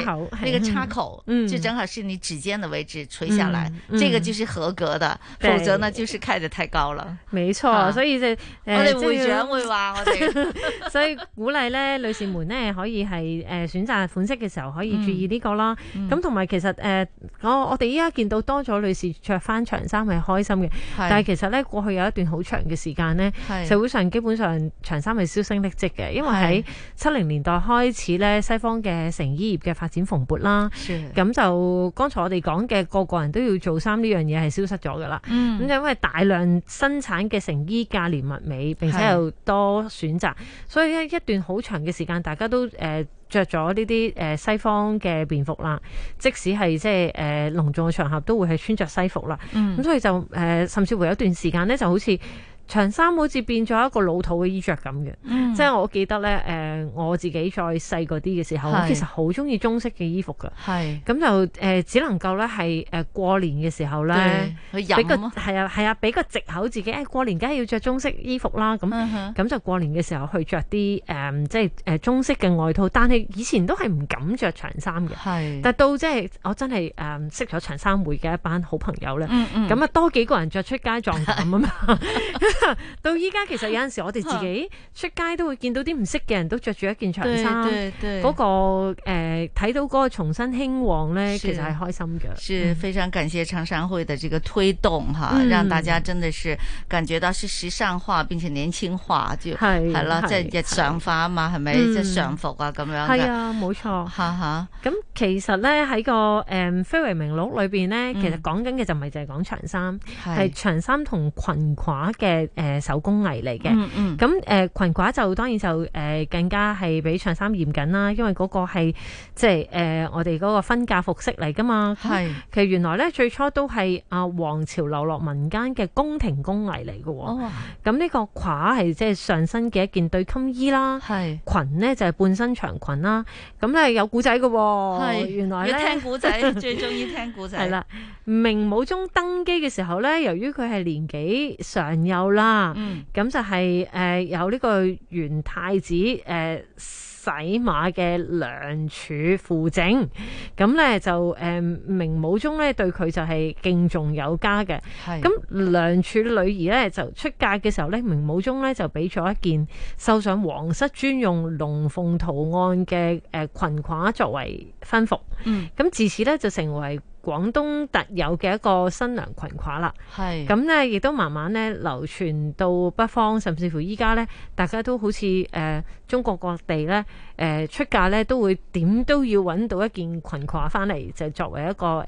口，那個叉口，就正好是你指尖的位置垂下來，這個就是合格的，否則呢就是開得太高了。沒錯，所以就我哋會長會話，我哋所以鼓勵咧，女士們呢可以係誒選擇款式嘅時候可以注意呢個啦。咁同埋其實誒，我我哋依家見到多咗女士着返長衫係開心嘅，但係其實咧過去有一段好長嘅時間呢，社會上基本上。長衫係銷聲匿跡嘅，因為喺七零年代開始咧，西方嘅成衣業嘅發展蓬勃啦。咁的就剛才我哋講嘅個個人都要做衫呢樣嘢係消失咗噶啦。咁就、嗯、因為大量生產嘅成衣價廉物美，並且又多選擇，的所以喺一段好長嘅時間，大家都誒著咗呢啲誒西方嘅便服啦。即使係即係誒隆重嘅場合，都會係穿着西服啦。咁、嗯、所以就誒、呃，甚至會有一段時間咧，就好似～長衫好似變咗一個老土嘅衣着咁嘅，嗯、即係我記得咧，誒、呃、我自己再細嗰啲嘅時候，是我其實好中意中式嘅衣服噶，咁是就誒、呃、只能夠咧係誒過年嘅時候咧，俾對個係啊係啊俾個藉口自己誒、哎、過年梗係要着中式衣服啦，咁咁、嗯、哼就過年嘅時候去着啲誒即係中式嘅外套，但係以前都係唔敢着長衫嘅，是但到即、就、係、是、我真係誒、呃、識咗長衫會嘅一班好朋友咧，咁啊、嗯嗯、多幾個人着出街撞咁啊嘛～到依家，其實有陣時我哋自己出街都會見到啲唔識嘅人都着住一件長衫，嗰個誒睇到嗰個重新興旺咧，其實係開心嘅。是非常感謝長衫會的這個推動哈，讓大家真的是感覺到是時尚化，並且年輕化，就係係啦，即係日常化啊嘛，係咪即係常服啊咁樣？係啊，冇錯。吓吓，咁其實咧喺個誒非遺名錄裏邊咧，其實講緊嘅就唔係淨係講長衫，係長衫同裙褂嘅。誒、呃，手工藝嚟嘅，咁誒、嗯嗯嗯呃、裙褂就當然就誒、呃、更加係比長衫嚴謹啦，因為嗰個係即係誒我哋嗰個婚嫁服飾嚟噶嘛。係是其實原來咧最初都係阿皇朝流落民間嘅宮廷工藝嚟嘅。喎、哦。咁呢、嗯呢個褂係即係上身嘅一件對襟衣啦，係是裙咧就係、是、半身長裙啦。咁咧有古仔嘅，係是原來咧聽古仔 最中意聽古仔係啦。明武宗登基嘅時候咧，由於佢係年紀尚幼啦，咁、嗯、就係、是、誒、呃、有呢個元太子誒、呃、洗馬嘅梁儲輔政，咁咧、嗯、就誒、呃、明武宗咧對佢就係敬重有加嘅，咁是梁儲女兒咧就出嫁嘅時候咧，明武宗咧就俾咗一件繡上皇室專用龍鳳圖案嘅誒、呃、裙褂作為婚服，咁、嗯、自此咧就成為。廣東特有嘅一個新娘裙褂啦，係。咁咧亦都慢慢咧流傳到北方，甚至乎依家咧大家都好似誒，呃中國各地咧、呃，出嫁咧都會點都要揾到一件裙褂翻嚟，就作為一個誒嫁、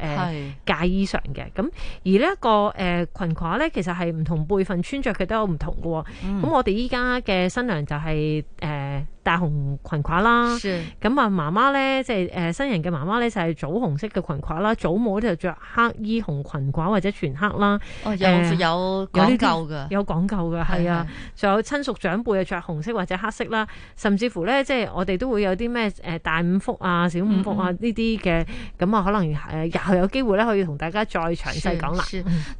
呃、是衣裳嘅。咁而、這個呃、呢一個誒裙褂咧，其實係唔同輩份穿着佢都有唔同喎。咁、嗯、我哋依家嘅新娘就係、是呃、大紅裙褂啦。咁啊是，媽媽咧即係新人嘅媽媽咧就係棗紅色嘅裙褂啦。祖母就着黑衣紅裙褂或者全黑啦。哦，有講講究嘅，有講究嘅，係啊，仲的有親屬長輩啊着紅色或者黑色啦。甚至乎咧，即係我哋都會有啲咩誒大五福啊、小五福啊呢啲嘅，咁啊、嗯嗯、可能誒又有機會咧可以同大家再詳細講啦。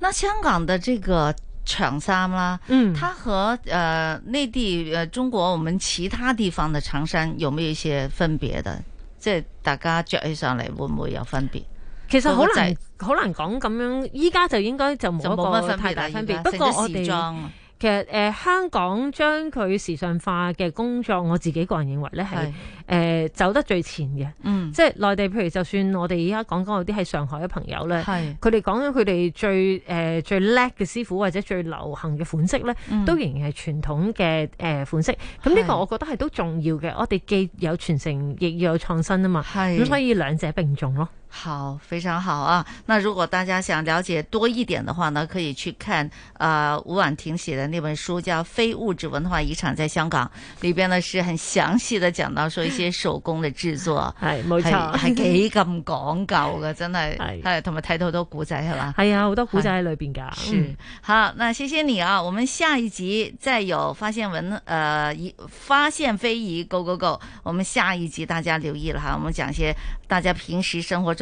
那香港嘅這個長衫啦，嗯，它和誒內、呃、地誒中國我們其他地方的長衫有冇嘢分別啊？即、就、係、是、大家着起上嚟會唔會有分別？其實好難好難講咁樣，依家就應該就冇冇乜太大分別。不過我哋其實誒、呃，香港將佢時尚化嘅工作，我自己個人認為咧係誒走得最前嘅，嗯、即係內地。譬如就算我哋而家講緊有啲喺上海嘅朋友咧，佢哋講緊佢哋最誒、呃、最叻嘅師傅或者最流行嘅款式咧，嗯、都仍然係傳統嘅誒、呃、款式。咁呢個我覺得係都重要嘅。我哋既有傳承，亦要有創新啊嘛。咁所是以兩者並重咯。好，非常好啊！那如果大家想了解多一點的話呢，可以去看啊伍婉婷寫的那本書，叫《非物質文化遺產在香港》裏。裏邊呢是很詳細的講到說一些手工的製作，係冇 還錯，還幾咁講究噶，的 真係的係，同埋睇到都古是吧是、啊、多古仔係嘛？係啊，好多古仔喺裏邊噶。是、嗯、好，那謝謝你啊！我們下一集再有發現文，呃，發現非遺，go go go！我們下一集大家留意了哈，我們講一些大家平時生活中，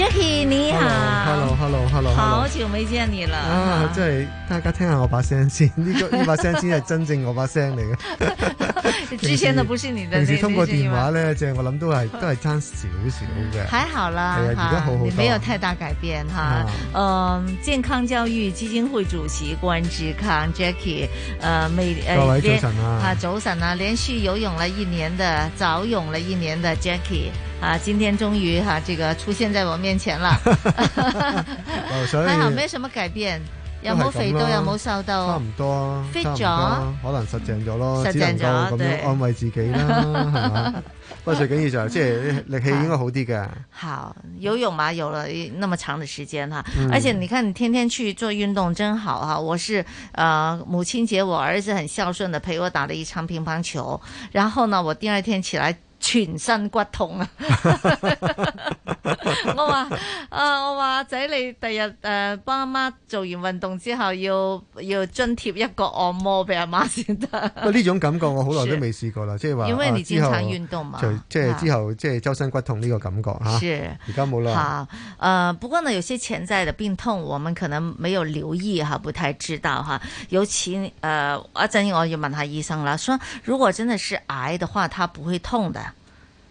Jackie 你好，Hello Hello Hello，好久沒見你了啊！真係大家聽下我把聲先，呢個呢把聲先係真正我把聲嚟嘅。之前都不是你的，平時通過電話咧，就係我諗都係都係差少少嘅。還好啦，其實，而家好好沒有太大改變哈。嗯，健康教育基金會主席關志康 Jackie，呃，各位早晨啊，早早晨啊，連續游泳了一年的，早泳了一年的 Jackie。啊，今天終於哈、啊、這個出現在我面前了。 所以還好沒什麼改變，有冇肥都要，有冇瘦都，到差不多，肥咗着，可能實淨咗咯，了只能咁樣對安慰自己啦，係嘛？ 不過最緊要 就係，即係力氣應該好啲嘅。好，游泳嘛，有了那麼長的時間哈、啊，嗯、而且你看你天天去做運動真好哈、啊。我是呃母親節，我兒子很孝順的陪我打了一場乒乓球，然後呢，我第二天起來。全身骨痛啊！我話啊，我話，仔你第日誒，幫阿媽做完運動之後，要要津貼一個按摩俾阿媽先得。不 呢種感覺我好耐都未試過啦，即係話，因為你經常運動嘛，就即、是、係、啊、之後即係周身骨痛呢個感覺吓。而家冇啦。是好，誒、呃、不過呢，有些潛在的病痛，我們可能沒有留意哈，不太知道哈、啊。尤其誒阿仔，呃、我要問一下醫生啦，說如果真的是癌的話，它不會痛的。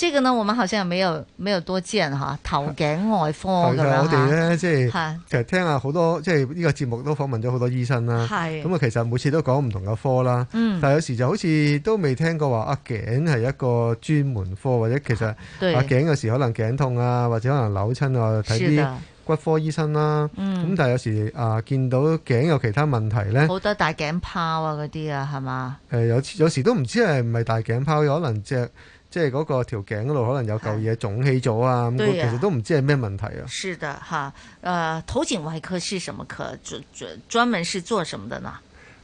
這個呢，我們好像又沒有沒有多見人、啊。頭頸外科的樣的我哋呢，的即係，其實聽下好多即係呢個節目都訪問咗好多醫生啦。咁啊的，其實每次都講唔同嘅科啦。嗯、但有時就好似都未聽過話阿、啊、頸係一個專門科，或者其實阿、啊、頸有時可能頸痛啊，或者可能扭親啊，睇啲骨科醫生啦。咁的但係有時啊見到頸有其他問題呢，好、嗯、多大頸泡啊嗰啲啊係嘛、呃？有時都唔知係唔係大頸泡，有可能即即係嗰個條頸嗰度可能有嚿嘢腫起咗啊！咁、啊、其實都唔知係咩問題啊！是的，哈、啊，呃頭頸外科是什麼科？專專專門是做什麼的呢？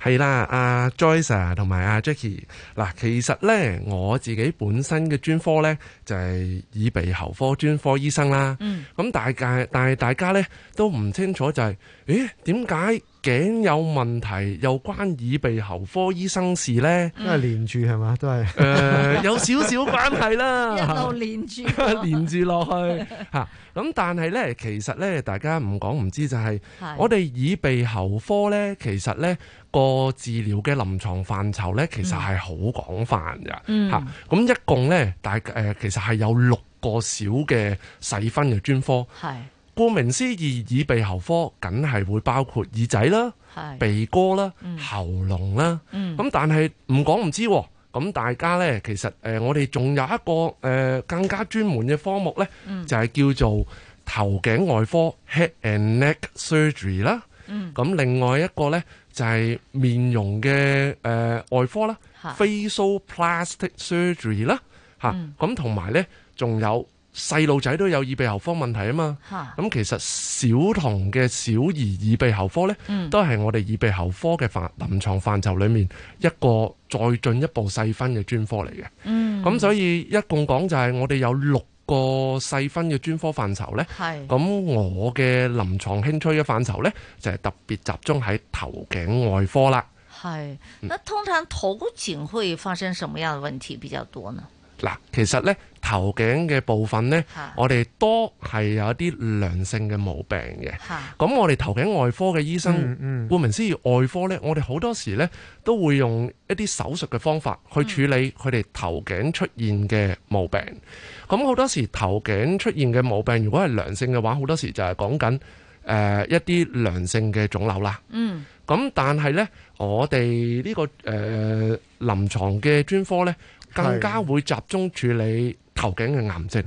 係啦，阿、啊、Joyce 同、啊、埋阿、啊、Jacky 嗱，其實咧我自己本身嘅專科咧就係、是、耳鼻喉科專科醫生啦。嗯。咁大家，但係大家咧都唔清楚就係、是，咦？點解頸有問題又關耳鼻喉科醫生事咧？都係連住係嘛，都係、呃。誒， 有少少關係啦。一路連住。 連住落去吓，咁、啊、但係咧，其實咧，大家唔講唔知道就係、是，是我哋耳鼻喉科咧，其實咧。個治療嘅臨床範疇咧，其實係好廣泛嘅吓。咁、嗯啊、一共咧，大誒、呃，其實係有六個小嘅細分嘅專科。係是，顧名思義，耳鼻喉科梗係會包括耳仔啦、是鼻哥啦、嗯、喉嚨啦。咁、嗯啊、但係唔講唔知、啊，咁大家咧，其實誒、呃，我哋仲有一個誒、呃、更加專門嘅科目咧，嗯、就係叫做頭頸外科 （head and neck surgery） 啦。咁、嗯啊、另外一個咧，就係面容嘅誒、呃、外科啦，facial plastic surgery 啦，嚇咁同埋咧，仲、啊嗯、有細路仔都有耳鼻喉科問題啊嘛，咁、啊啊、其實小童嘅小兒耳鼻喉科咧，嗯、都係我哋耳鼻喉科嘅範臨床範疇裏面一個再進一步細分嘅專科嚟嘅，咁、嗯、所以一共講就係我哋有六。個細分嘅專科範疇呢，咁是我嘅臨床興趣嘅範疇呢，就係、是、特別集中喺頭頸外科啦。係，那通常頭頸會發生什麼樣嘅問題比較多呢？嗱，其實呢頭頸嘅部分呢，是我哋多係有一啲良性嘅毛病嘅。咁是我哋頭頸外科嘅醫生，嗯嗯，顧名思義外科呢，我哋好多時呢，都會用一啲手術嘅方法去處理佢哋頭頸出現嘅毛病。嗯嗯咁好多時頭頸出現嘅毛病，如果係良性嘅話，好多時就係講緊誒一啲良性嘅腫瘤啦。嗯。咁但係呢，我哋呢、這個誒臨、呃、床嘅專科呢，更加會集中處理頭頸嘅癌症。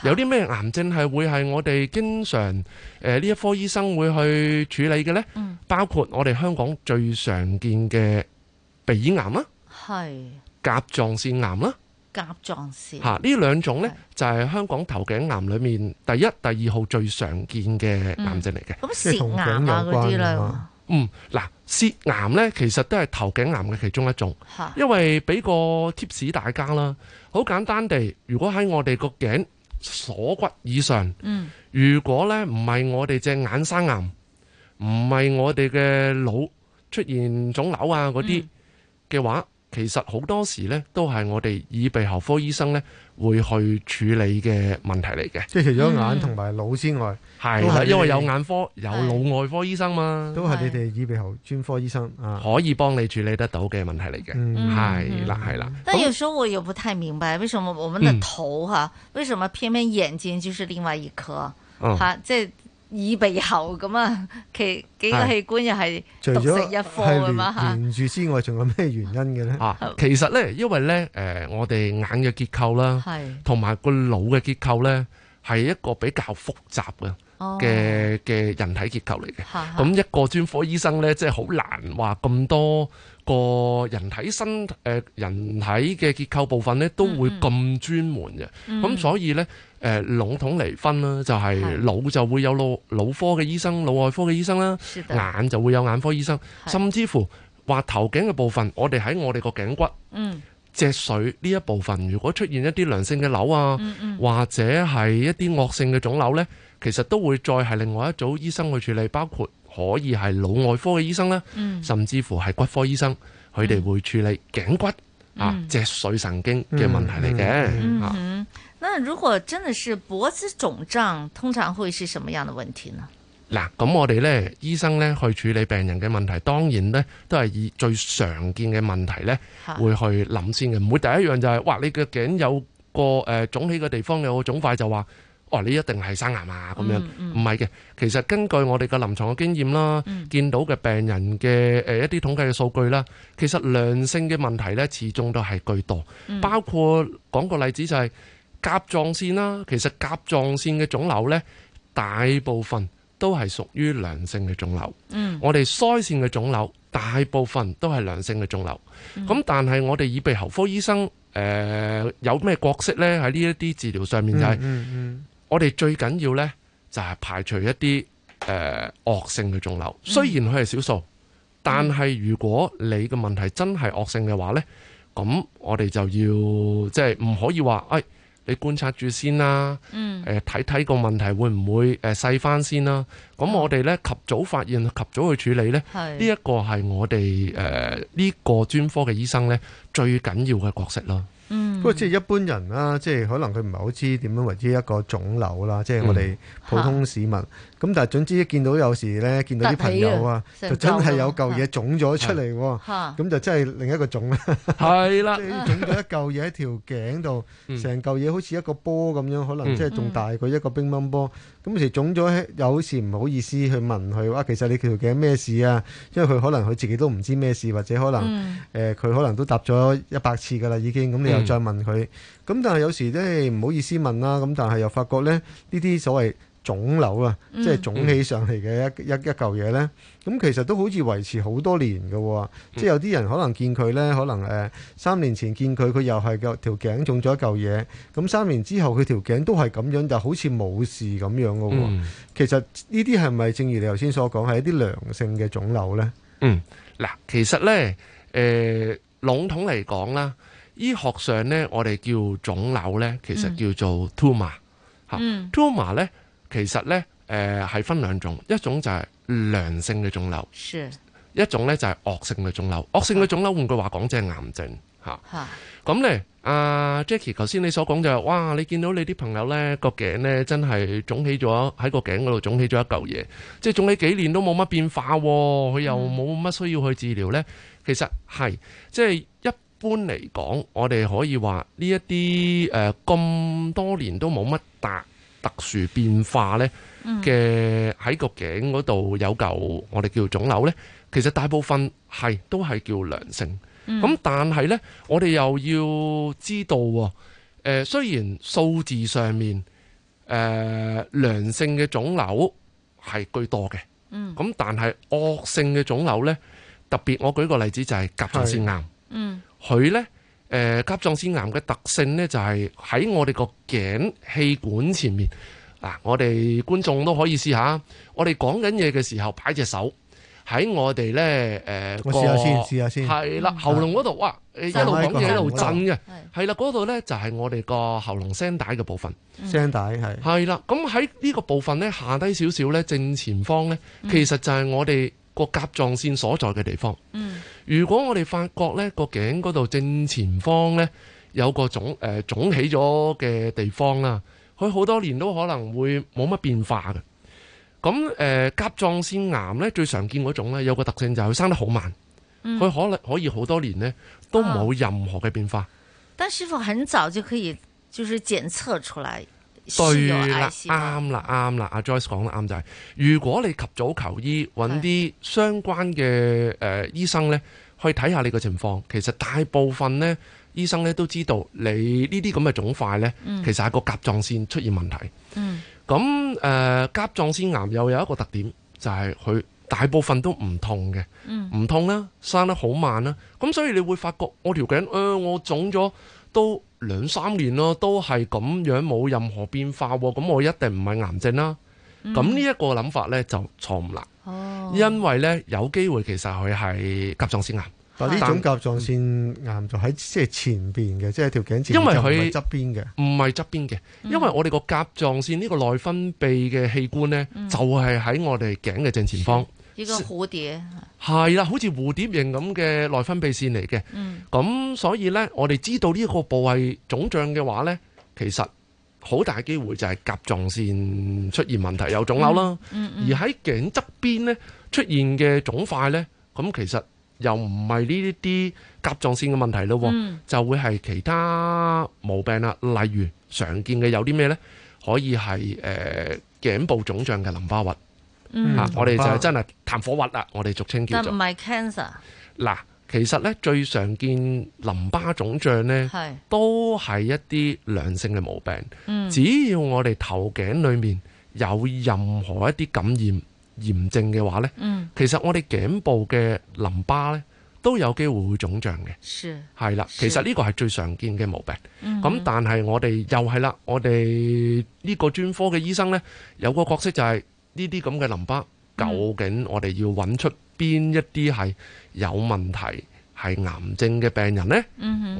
是有啲咩癌症係會係我哋經常誒呢、呃、一科醫生會去處理嘅呢？嗯、包括我哋香港最常見嘅鼻咽癌啦、啊。係是。甲狀腺癌啦、啊。甲狀腺吓，呢兩、啊、種呢，是就係香港頭頸癌裏面第一、第二號最常見嘅癌症嚟嘅，即係同癌有關。嗯，嗱、啊，舌、嗯、癌呢，其實都係頭頸癌嘅其中一種，是因為俾個 tips 大家啦，好簡單地，如果喺我哋個頸鎖骨以上，嗯、如果呢唔係我哋隻眼生癌，唔係我哋嘅腦出現腫瘤啊嗰啲嘅話。嗯其實好多時咧，都係我哋耳鼻喉科醫生咧會去處理嘅問題嚟嘅。即係除咗眼同埋腦之外，係因為有眼科、有腦外科醫生嘛，都係你哋耳鼻喉專科醫生啊，可以幫你處理得到嘅問題嚟嘅，係啦係啦。但有時候我又不太明白，為什麼我們的頭哈，為什麼偏偏眼睛就是另外一科？耳鼻喉咁啊，其幾個器官又係除咗食一科咁啊，連住之外仲有咩原因嘅咧？啊，其實咧，因為咧，誒、呃，我哋眼嘅結構啦，係同埋個腦嘅結構咧，係一個比較複雜嘅。嘅嘅人體結構嚟嘅，咁、哦、一個專科醫生呢，即係好難話咁多個人體身誒、呃、人體嘅結構部分呢，都會咁專門嘅。咁、嗯嗯、所以呢，誒、呃、籠統嚟分啦，就係、是、腦就會有腦腦科嘅醫生、腦外科嘅醫生啦，的眼就會有眼科醫生，的甚至乎話頭頸嘅部分，我哋喺我哋個頸骨、嗯、脊髓呢一部分，如果出現一啲良性嘅瘤啊，嗯嗯、或者係一啲惡性嘅腫瘤呢。其實都會再係另外一組醫生去處理，包括可以係腦外科嘅醫生啦，嗯、甚至乎係骨科醫生，佢哋會處理頸骨、嗯、啊、脊髓神經嘅問題嚟嘅。吓，如果真係脖子腫脹，通常會是什麼樣嘅問題呢？嗱，咁我哋呢醫生呢去處理病人嘅問題，當然呢都係以最常見嘅問題呢會去諗先嘅，唔會第一樣就係、是、哇，你嘅頸有個誒、呃、腫起嘅地方有個腫塊就話。哦，你一定係生癌啊？咁樣唔係嘅，其實根據我哋嘅臨牀嘅經驗啦，見到嘅病人嘅誒一啲統計嘅數據啦，其實良性嘅問題呢，始終都係居多。包括講個例子就係甲狀腺啦，其實甲狀腺嘅腫瘤呢，大部分都係屬於良性嘅腫瘤。我哋腮腺嘅腫瘤大部分都係良性嘅腫瘤。咁但係我哋耳鼻喉科醫生誒有咩角色呢？喺呢一啲治療上面就係。我哋最緊要呢，就係、是、排除一啲誒惡性嘅腫瘤。雖然佢係少數，嗯、但係如果你嘅問題真係惡性嘅話呢，咁我哋就要即係唔可以話誒、哎，你觀察住先啦。嗯、呃，睇睇個問題會唔會誒細返先啦。咁我哋呢，及早發現及早去處理呢，呢一是、呃，這個係我哋誒呢個專科嘅醫生呢最緊要嘅角色咯。不過，即係、嗯、一般人啦，即係可能佢唔係好知點樣為之一個腫瘤啦，即係、嗯、我哋普通市民。咁但係總之，一見到有時咧，見到啲朋友啊，就真係有嚿嘢腫咗出嚟喎。咁就真係另一個腫啦。係啦，即係腫咗一嚿嘢喺條頸度，成嚿嘢好似一個波咁樣，可能即係仲大過一個乒乓波。咁時腫咗，有時唔好意思去問佢啊，其實你條頸咩事啊？因為佢可能佢自己都唔知咩事，或者可能誒佢可能都答咗一百次噶啦已經。咁你又再問佢，咁但係有時咧唔好意思問啦。咁但係又發覺咧呢啲所謂。腫瘤啊，即係腫起上嚟嘅一一一嚿嘢咧。咁其實都好似維持好多年嘅，即係有啲人可能見佢咧，可能誒三年前見佢，佢又係個條頸腫咗一嚿嘢。咁三年之後佢條頸都係咁樣，就好似冇事咁樣嘅。其實呢啲係咪正如你頭先所講，係一啲良性嘅腫瘤咧？嗯，嗱，其實咧，誒，籠統嚟講啦，醫學上咧，我哋叫腫瘤咧，其實叫做 tumor 嚇，tumor 咧。其實呢，誒、呃、係分兩種，一種就係良性嘅腫瘤，是一種呢就係惡性嘅腫瘤。惡性嘅腫瘤，換句話講，即係癌症吓。咁呢阿、啊啊、Jackie 頭先你所講就係、是，哇！你見到你啲朋友呢個頸呢，頸真係腫起咗，喺個頸嗰度腫起咗一嚿嘢，即係腫起幾年都冇乜變化，佢又冇乜需要去治療呢。嗯、其實係，即係、就是、一般嚟講，我哋可以話呢一啲誒咁多年都冇乜大。特殊變化呢嘅，喺個頸嗰度有嚿我哋叫腫瘤呢，其實大部分係都係叫良性。咁但係呢，我哋又要知道誒，雖然數字上面誒良性嘅腫瘤係居多嘅，咁但係惡性嘅腫瘤呢，特別我舉個例子就係甲狀腺癌，嗯，佢呢。誒甲狀腺癌嘅特性咧，就係喺我哋個頸氣管前面。嗱，我哋觀眾都可以試下，我哋講緊嘢嘅時候擺隻手喺我哋咧誒個，我試下先，試下先。係啦，喉嚨嗰度，哇！一路講嘢一路震嘅，係啦，嗰度咧就係我哋個喉嚨聲帶嘅部分。聲帶係。係啦，咁喺呢個部分咧下低少少咧正前方咧，其實就係我哋。個甲狀腺所在嘅地方，如果我哋發覺咧個頸嗰度正前方咧有一個腫誒、呃、腫起咗嘅地方啦，佢好多年都可能會冇乜變化嘅。咁、呃、誒甲狀腺癌咧最常見嗰種咧有個特性就係佢生得好慢，佢、嗯、可能可以好多年咧都冇任何嘅變化。啊、但是否很早就可以就是檢測出來？對啦，啱啦，啱啦，阿、啊啊、Joyce 講得啱就係，嗯、如果你及早求醫，揾啲相關嘅誒、呃、醫生呢去睇下你嘅情況。其實大部分呢醫生呢都知道你呢啲咁嘅腫塊呢、嗯、其實係個甲狀腺出現問題。嗯。咁誒、呃，甲狀腺癌又有一個特點，就係、是、佢大部分都唔痛嘅。唔痛啦、啊，生得好慢啦、啊。咁所以你會發覺我條頸誒，我腫咗。呃都兩三年咯，都係咁樣冇任何變化喎，咁我一定唔係癌症啦。咁呢一個諗法呢就錯誤啦，哦、因為呢，有機會其實佢係甲狀腺癌，但呢種甲狀腺癌就喺即係前邊嘅，即係條頸子，因為佢側邊嘅，唔係側邊嘅，因為我哋個甲狀腺呢個內分泌嘅器官呢，嗯、就係喺我哋頸嘅正前方。嗯呢個蝴蝶係啦，好似蝴蝶形咁嘅內分泌腺嚟嘅。咁、嗯、所以呢，我哋知道呢個部位腫脹嘅話、嗯嗯嗯、呢，呢，其實好大機會就係甲狀腺出現問題，有腫瘤啦。而喺頸側邊呢出現嘅腫塊呢，咁其實又唔係呢啲甲狀腺嘅問題咯，就會係其他毛病啦。例如，常見嘅有啲咩呢？可以係誒頸部腫脹嘅淋巴核。嗯，啊、我哋就係真係痰火核啦，我哋俗稱叫做。但唔係 cancer。嗱，其實咧最常見淋巴腫脹咧，是都係一啲良性嘅毛病。嗯、只要我哋頭頸裏面有任何一啲感染炎症嘅話咧，嗯，其實我哋頸部嘅淋巴咧都有機會會腫脹嘅。是。係啦的，是其實呢個係最常見嘅毛病。嗯哼。咁但係我哋又係啦，我哋呢個專科嘅醫生咧有個角色就係、是。呢啲咁嘅淋巴，究竟我哋要揾出邊一啲係有問題？係癌症嘅病人咧，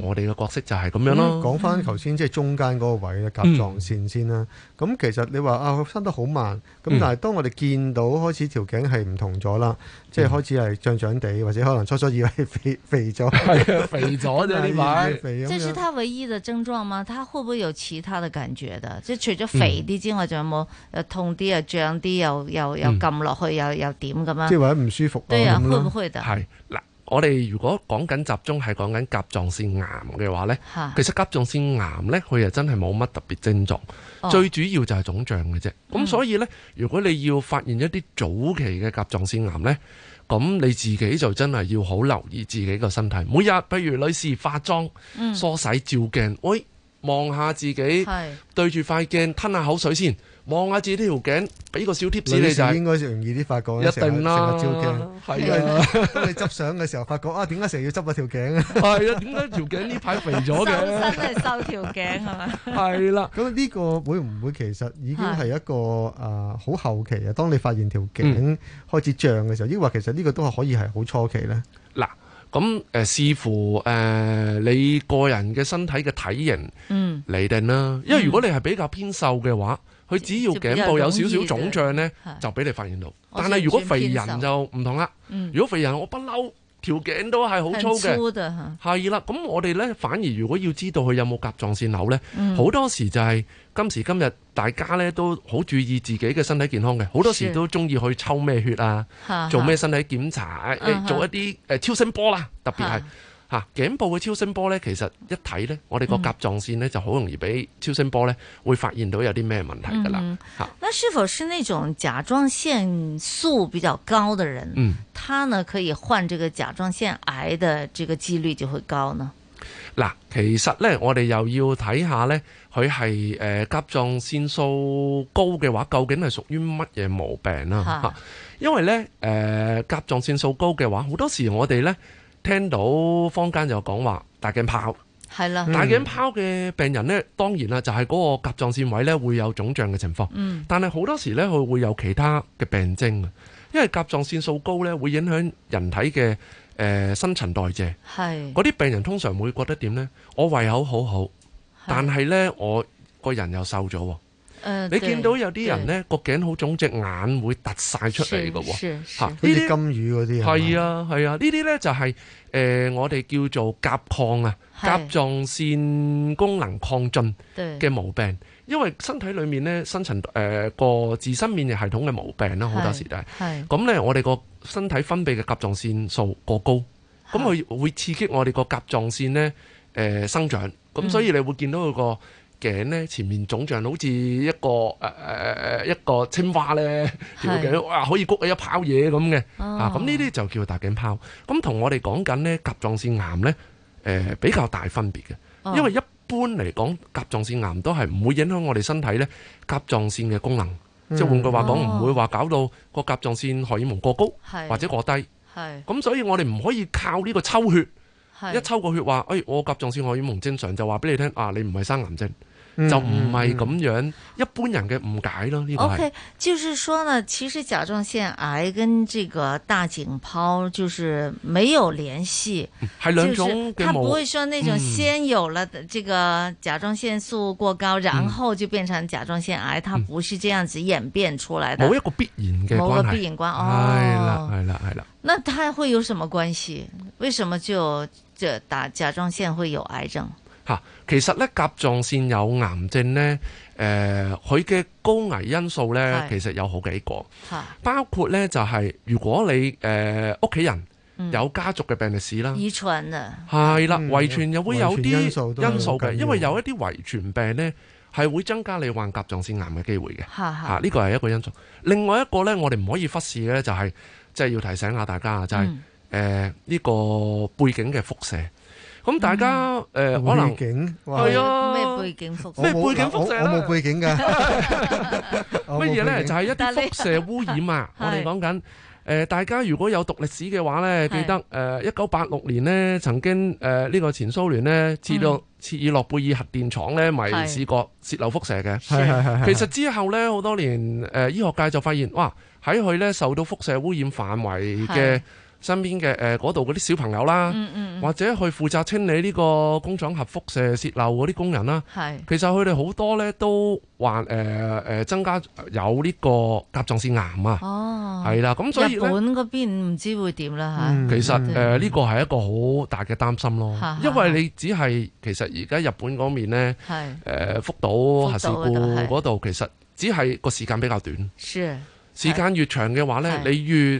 我哋嘅角色就係咁樣咯。講翻頭先，即係中間嗰個位嘅甲狀腺先啦。咁其實你話啊，生得好慢。咁但係當我哋見到開始條頸係唔同咗啦，即係開始係脹脹地，或者可能初初以為肥肥咗，係啊，肥咗啫。呢位這是佢唯一嘅症狀嗎？佢會唔會有其他嘅感覺的？即係除咗肥啲之外，仲有冇痛啲啊、脹啲、又又又撳落去又又點咁啊？即係或者唔舒服啊？對啊，會唔會啊？係嗱。我哋如果講緊集中係講緊甲狀腺癌嘅話呢哈其實甲狀腺癌呢，佢又真係冇乜特別症狀，哦、最主要就係腫脹嘅啫。咁、嗯、所以呢，如果你要發現一啲早期嘅甲狀腺癌呢，咁你自己就真係要好留意自己個身體。每日，譬如女士化妝、梳洗、照鏡，喂，望下自己，是對住塊鏡吞下口水先。望下自己條頸，俾個小貼士你就應該容易啲發覺。一定啦，成日照鏡，係因為當你執相嘅時候發覺啊，點解成日要執啊條頸啊？係啊，點解條頸呢排肥咗嘅？瘦身都係瘦條頸係嘛？係啦，咁呢個會唔會其實已經係一個啊好後期啊？當你發現條頸開始脹嘅時候，抑或其實呢個都係可以係好初期咧？嗱，咁誒視乎誒你個人嘅身體嘅體型嗯嚟定啦，因為如果你係比較偏瘦嘅話。佢只要頸部有少少腫脹呢，就俾你發現到。是但係如果肥人就唔同啦。算算嗯、如果肥人我不嬲條頸都係好粗嘅，係啦。咁的我哋呢，反而如果要知道佢有冇甲狀腺瘤呢，好、嗯、多時就係今時今日大家呢都好注意自己嘅身體健康嘅，好多時都鍾意去抽咩血啊，做咩身體檢查，的做一啲誒超聲波啦、啊，特別係。頸、啊、部嘅超聲波咧，其實一睇咧，我哋個甲狀腺咧就好容易俾超聲波咧，會發現到有啲咩問題噶啦。吓、嗯，那是否是那種甲狀腺素比較高的人，嗯，他呢可以患這個甲狀腺癌的這個幾率就會高呢？嗱、啊，其實咧，我哋又要睇下咧，佢係誒甲狀腺素高嘅話，究竟係屬於乜嘢毛病啦、啊？吓、啊，因為咧，誒、呃、甲狀腺素高嘅話，好多時我哋咧。聽到坊間有講話大頸泡。係啦。嗯、大頸泡嘅病人呢，當然啦，就係嗰個甲狀腺位咧會有腫脹嘅情況。嗯，但係好多時呢，佢會有其他嘅病徵，因為甲狀腺素高呢，會影響人體嘅誒、呃、新陳代謝。係，嗰啲病人通常會覺得點呢？我胃口好好，但係呢，我個人又瘦咗喎。你見到有啲人咧個頸好腫，隻眼會突曬出嚟㗎喎，嚇！呢啲金魚嗰啲啊，係啊係啊，呢啲咧就係誒我哋叫做甲亢啊，甲狀腺功能亢進嘅毛病，因為身體裏面咧新陳誒個自身免疫系統嘅毛病啦，好多時都係。咁咧我哋個身體分泌嘅甲狀腺素過高，咁佢會刺激我哋個甲狀腺咧誒生長，咁所以你會見到佢個頸咧前面腫脹，好似一個誒誒誒一個青蛙咧條頸哇，可以谷起一泡嘢咁嘅啊，咁呢啲就叫大頸泡。咁同我哋講緊咧甲狀腺癌咧誒、呃、比較大分別嘅。哦、因為一般嚟講，甲狀腺癌都係唔會影響我哋身體咧甲狀腺嘅功能，即係換句話講唔、哦、會話搞到個甲狀腺荷爾蒙過高或者過低，係咁所以我哋唔可以靠呢個抽血是一抽個血話誒、哎、我甲狀腺荷爾蒙正常就話俾你聽啊，你唔係生癌症。就唔係咁樣，嗯嗯、一般人嘅誤解咯。呢、這個 O、okay, K，就是說呢，其實甲狀腺癌跟這個大頸泡就是沒有聯繫，係、嗯、兩種，他不會說那種先有了這個甲狀腺素過高，嗯、然後就變成甲狀腺癌，它不是這樣子演變出來的。嗯嗯、冇一個必然嘅，冇個必然關係。哦，係啦，係啦，係啦。那他會有什麼關係？為什麼就這打甲狀腺會有癌症？吓、啊，其實咧甲狀腺有癌症咧，誒佢嘅高危因素咧，是其實有好幾個，是包括咧就係、是、如果你誒屋企人有家族嘅病歷史啦、嗯，遺傳啊，係啦，遺傳又會有啲因素嘅，因為有一啲遺傳病咧係會增加你患甲狀腺癌嘅機會嘅，吓呢個係一個因素。是另外一個咧，我哋唔可以忽視嘅就係即係要提醒下大家啊，就係誒呢個背景嘅輻射。咁大家誒可能係啊，咩背景輻射？咩背景輻射啊？我冇背景㗎。乜嘢咧，就係一啲輻射污染啊！我哋講緊誒，大家如果有讀歷史嘅話咧，記得誒一九八六年呢曾經誒呢個前蘇聯呢設到切爾諾貝爾核電廠咧，咪試過泄漏輻射嘅。係係係。其實之後咧，好多年誒醫學界就發現，哇喺佢咧受到輻射污染範圍嘅。身邊嘅誒嗰度嗰啲小朋友啦，或者去負責清理呢個工廠核輻射洩漏嗰啲工人啦，係其實佢哋好多咧都話誒誒增加有呢個甲狀腺癌啊，係啦，咁所以日本嗰邊唔知會點啦嚇。其實誒呢個係一個好大嘅擔心咯，因為你只係其實而家日本嗰面咧，誒福島核事故嗰度其實只係個時間比較短，時間越長嘅話咧你越，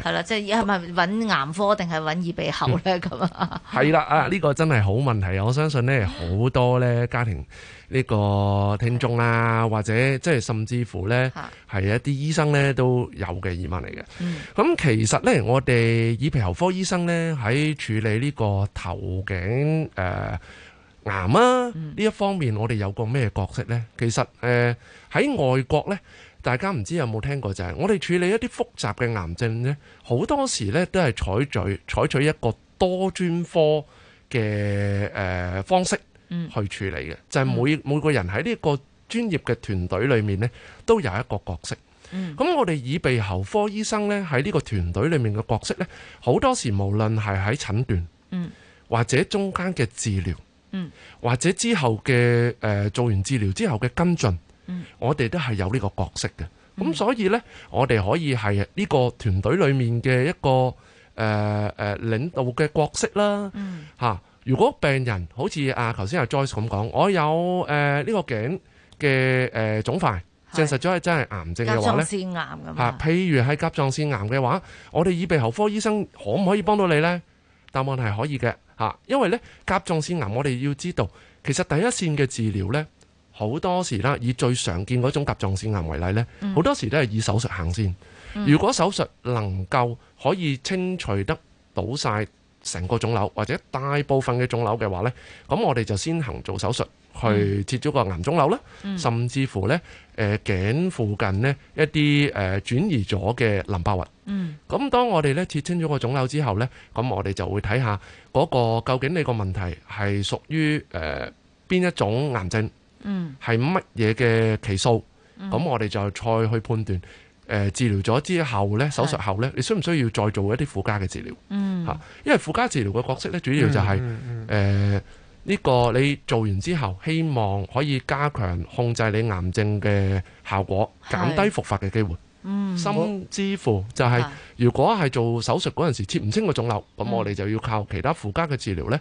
係啦，即係係咪揾癌科定係揾耳鼻喉咧？咁、嗯、 啊，係啦啊，呢個真係好問題啊！我相信咧，好多咧家庭呢個聽眾啦，嗯、是或者即係甚至乎咧，係一啲醫生咧都有嘅疑問嚟嘅。咁、嗯、其實咧，我哋耳鼻喉科醫生咧喺處理呢個頭頸誒、呃、癌啊呢一方面，我哋有個咩角色咧？其實誒喺、呃、外國咧。大家唔知有冇聽過就係，我哋處理一啲複雜嘅癌症呢，好多時呢都係採取採取一個多專科嘅誒、呃、方式去處理嘅，嗯、就係每、嗯、每個人喺呢個專業嘅團隊裏面呢，都有一個角色。咁、嗯、我哋耳鼻喉科醫生呢，喺呢個團隊裏面嘅角色呢，好多時無論係喺診斷，嗯，或者中間嘅治療，嗯，或者之後嘅誒、呃、做完治療之後嘅跟進。我哋都係有呢個角色嘅，咁所以咧，我哋可以係呢個團隊裏面嘅一個誒誒領導嘅角色啦。吓，如果病人好似啊頭先阿 Joyce 咁講，我有誒呢個頸嘅誒腫塊，證實咗係真係癌症嘅話咧，吓，譬如係甲狀腺癌嘅話，我哋耳鼻喉科醫生可唔可以幫到你咧？答案係可以嘅，吓，因為咧甲狀腺癌我哋要知道，其實第一線嘅治療咧。好多時咧，以最常見嗰種甲狀腺癌為例咧，好多時都係以手術行先。如果手術能夠可以清除得到曬成個腫瘤，或者大部分嘅腫瘤嘅話咧，咁我哋就先行做手術去切咗個癌腫瘤啦。甚至乎咧，誒頸附近咧一啲誒轉移咗嘅淋巴核。咁當我哋咧切清咗個腫瘤之後咧，咁我哋就會睇下嗰個究竟你個問題係屬於誒邊一種癌症。是什麼的嗯，係乜嘢嘅期數？咁我哋就再去判斷，誒、呃，治療咗之後呢，手術後呢，是你需唔需要再做一啲附加嘅治療？嗯，吓，因為附加治療嘅角色呢，主要就係誒呢個你做完之後，希望可以加強控制你癌症嘅效果，減是低復發嘅機會。嗯，甚至乎就係、是。啊如果係做手術嗰陣時切唔清個腫瘤，咁我哋就要靠其他附加嘅治療呢，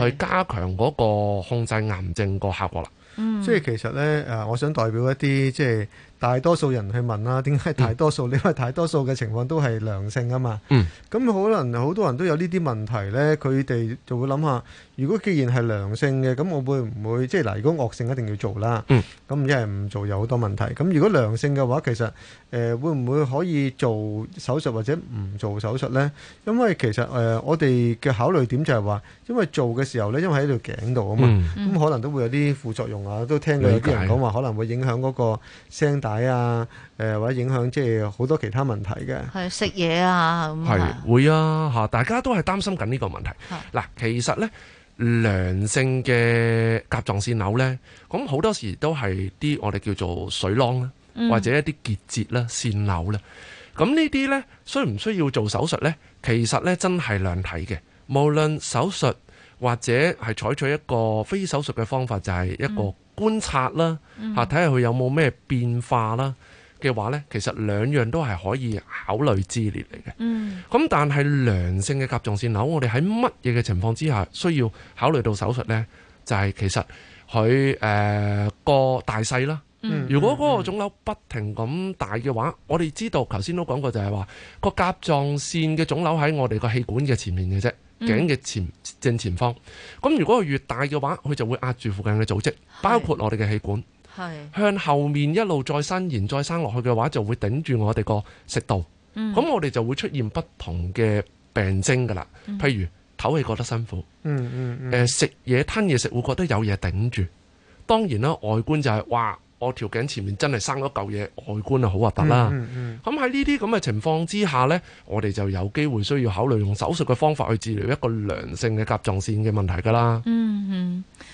去加強嗰個控制癌症個效果啦。嗯，所以其實呢，誒，我想代表一啲即係大多數人去問啦，點解大多數？因為大多數嘅情況都係良性啊嘛。嗯，咁可能好多人都有呢啲問題呢，佢哋就會諗下，如果既然係良性嘅，咁我會唔會即係嗱？如果惡性一定要做啦，嗯，咁一係唔做有好多問題。咁如果良性嘅話，其實誒會唔會可以做手術或者？唔做手術咧，因為其實誒，我哋嘅考慮點就係話，因為做嘅時候咧，因為喺條頸度啊嘛，咁可能都會有啲副作用啊，都聽過有啲人講話，可能會影響嗰個聲帶啊，誒或者影響即係好多其他問題嘅。係食嘢啊咁啊，會啊吓，大家都係擔心緊呢個問題。嗱，其實咧良性嘅甲狀腺瘤咧，咁好多時都係啲我哋叫做水囊啦，或者一啲結節啦、腺瘤啦。咁呢啲呢，需唔需要做手術呢？其實呢，真係兩睇嘅，無論手術或者係採取一個非手術嘅方法，就係、是、一個觀察啦，睇下佢有冇咩變化啦嘅話呢，其實兩樣都係可以考慮之列嚟嘅。咁、嗯、但係良性嘅甲狀腺瘤，我哋喺乜嘢嘅情況之下需要考慮到手術呢？就係、是、其實佢誒個大細啦。嗯、如果嗰個腫瘤不停咁大嘅話，嗯、我哋知道頭先都講過就，就係話個甲狀腺嘅腫瘤喺我哋個氣管嘅前面嘅啫，嗯、頸嘅前正前方。咁如果佢越大嘅話，佢就會壓住附近嘅組織，是包括我哋嘅氣管。向後面一路再伸延、再生落去嘅話，就會頂住我哋個食道。咁、嗯、我哋就會出現不同嘅病徵㗎啦。嗯、譬如唞氣覺得辛苦，嗯嗯誒，食、嗯、嘢、呃、吞嘢食會覺得有嘢頂住。當然啦，外觀就係、是、話。哇我條頸前面真係生咗嚿嘢，外觀啊，好核突啦。咁喺呢啲咁嘅情況之下呢，我哋就有機會需要考慮用手術嘅方法去治療一個良性嘅甲狀腺嘅問題㗎啦。嗯嗯、mm。Hmm.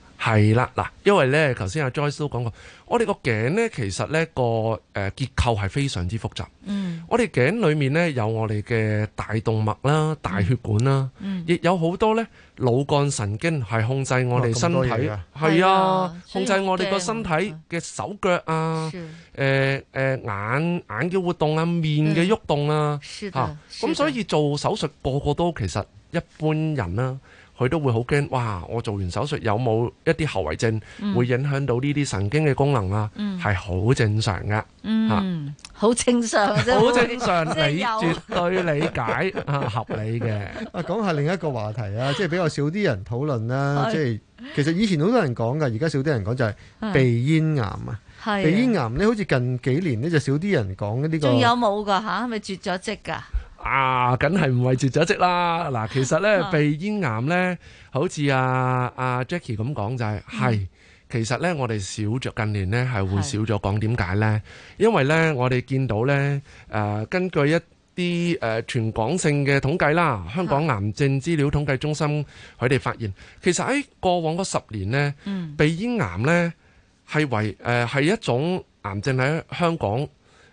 係啦，嗱，因為咧，頭先阿 Joyce 都講過，我哋個頸咧，其實咧個誒結構係非常之複雜。嗯，我哋頸裏面咧有我哋嘅大動脈啦、大血管啦，亦有好多咧腦幹神經係控制我哋身體，係啊，控制我哋個身體嘅手腳啊，誒誒眼眼嘅活動啊、面嘅喐動啊，吓，咁所以做手術個個都其實一般人啦。佢都會好驚，哇！我做完手術有冇一啲後遺症，會影響到呢啲神經嘅功能啊？係好正常㗎，嚇，好正常啫，好正常，你絕對理解嚇合理嘅。啊，講下另一個話題啊，即係比較少啲人討論啦，即係其實以前好多人講㗎，而家少啲人講就係鼻咽癌啊，鼻咽癌咧，好似近幾年呢就少啲人講呢個。仲有冇㗎嚇？係咪絕咗跡㗎？啊，梗係唔係絕咗職啦！嗱，其實咧鼻咽癌咧，好似阿阿 Jackie 咁講就係，係其實咧我哋少咗近年咧係會少咗講，點解咧？因為咧我哋見到咧誒，根據一啲誒全港性嘅統計啦，香港癌症資料統計中心佢哋發現，其實喺過往嗰十年咧，鼻咽癌咧係為誒係一種癌症喺香港。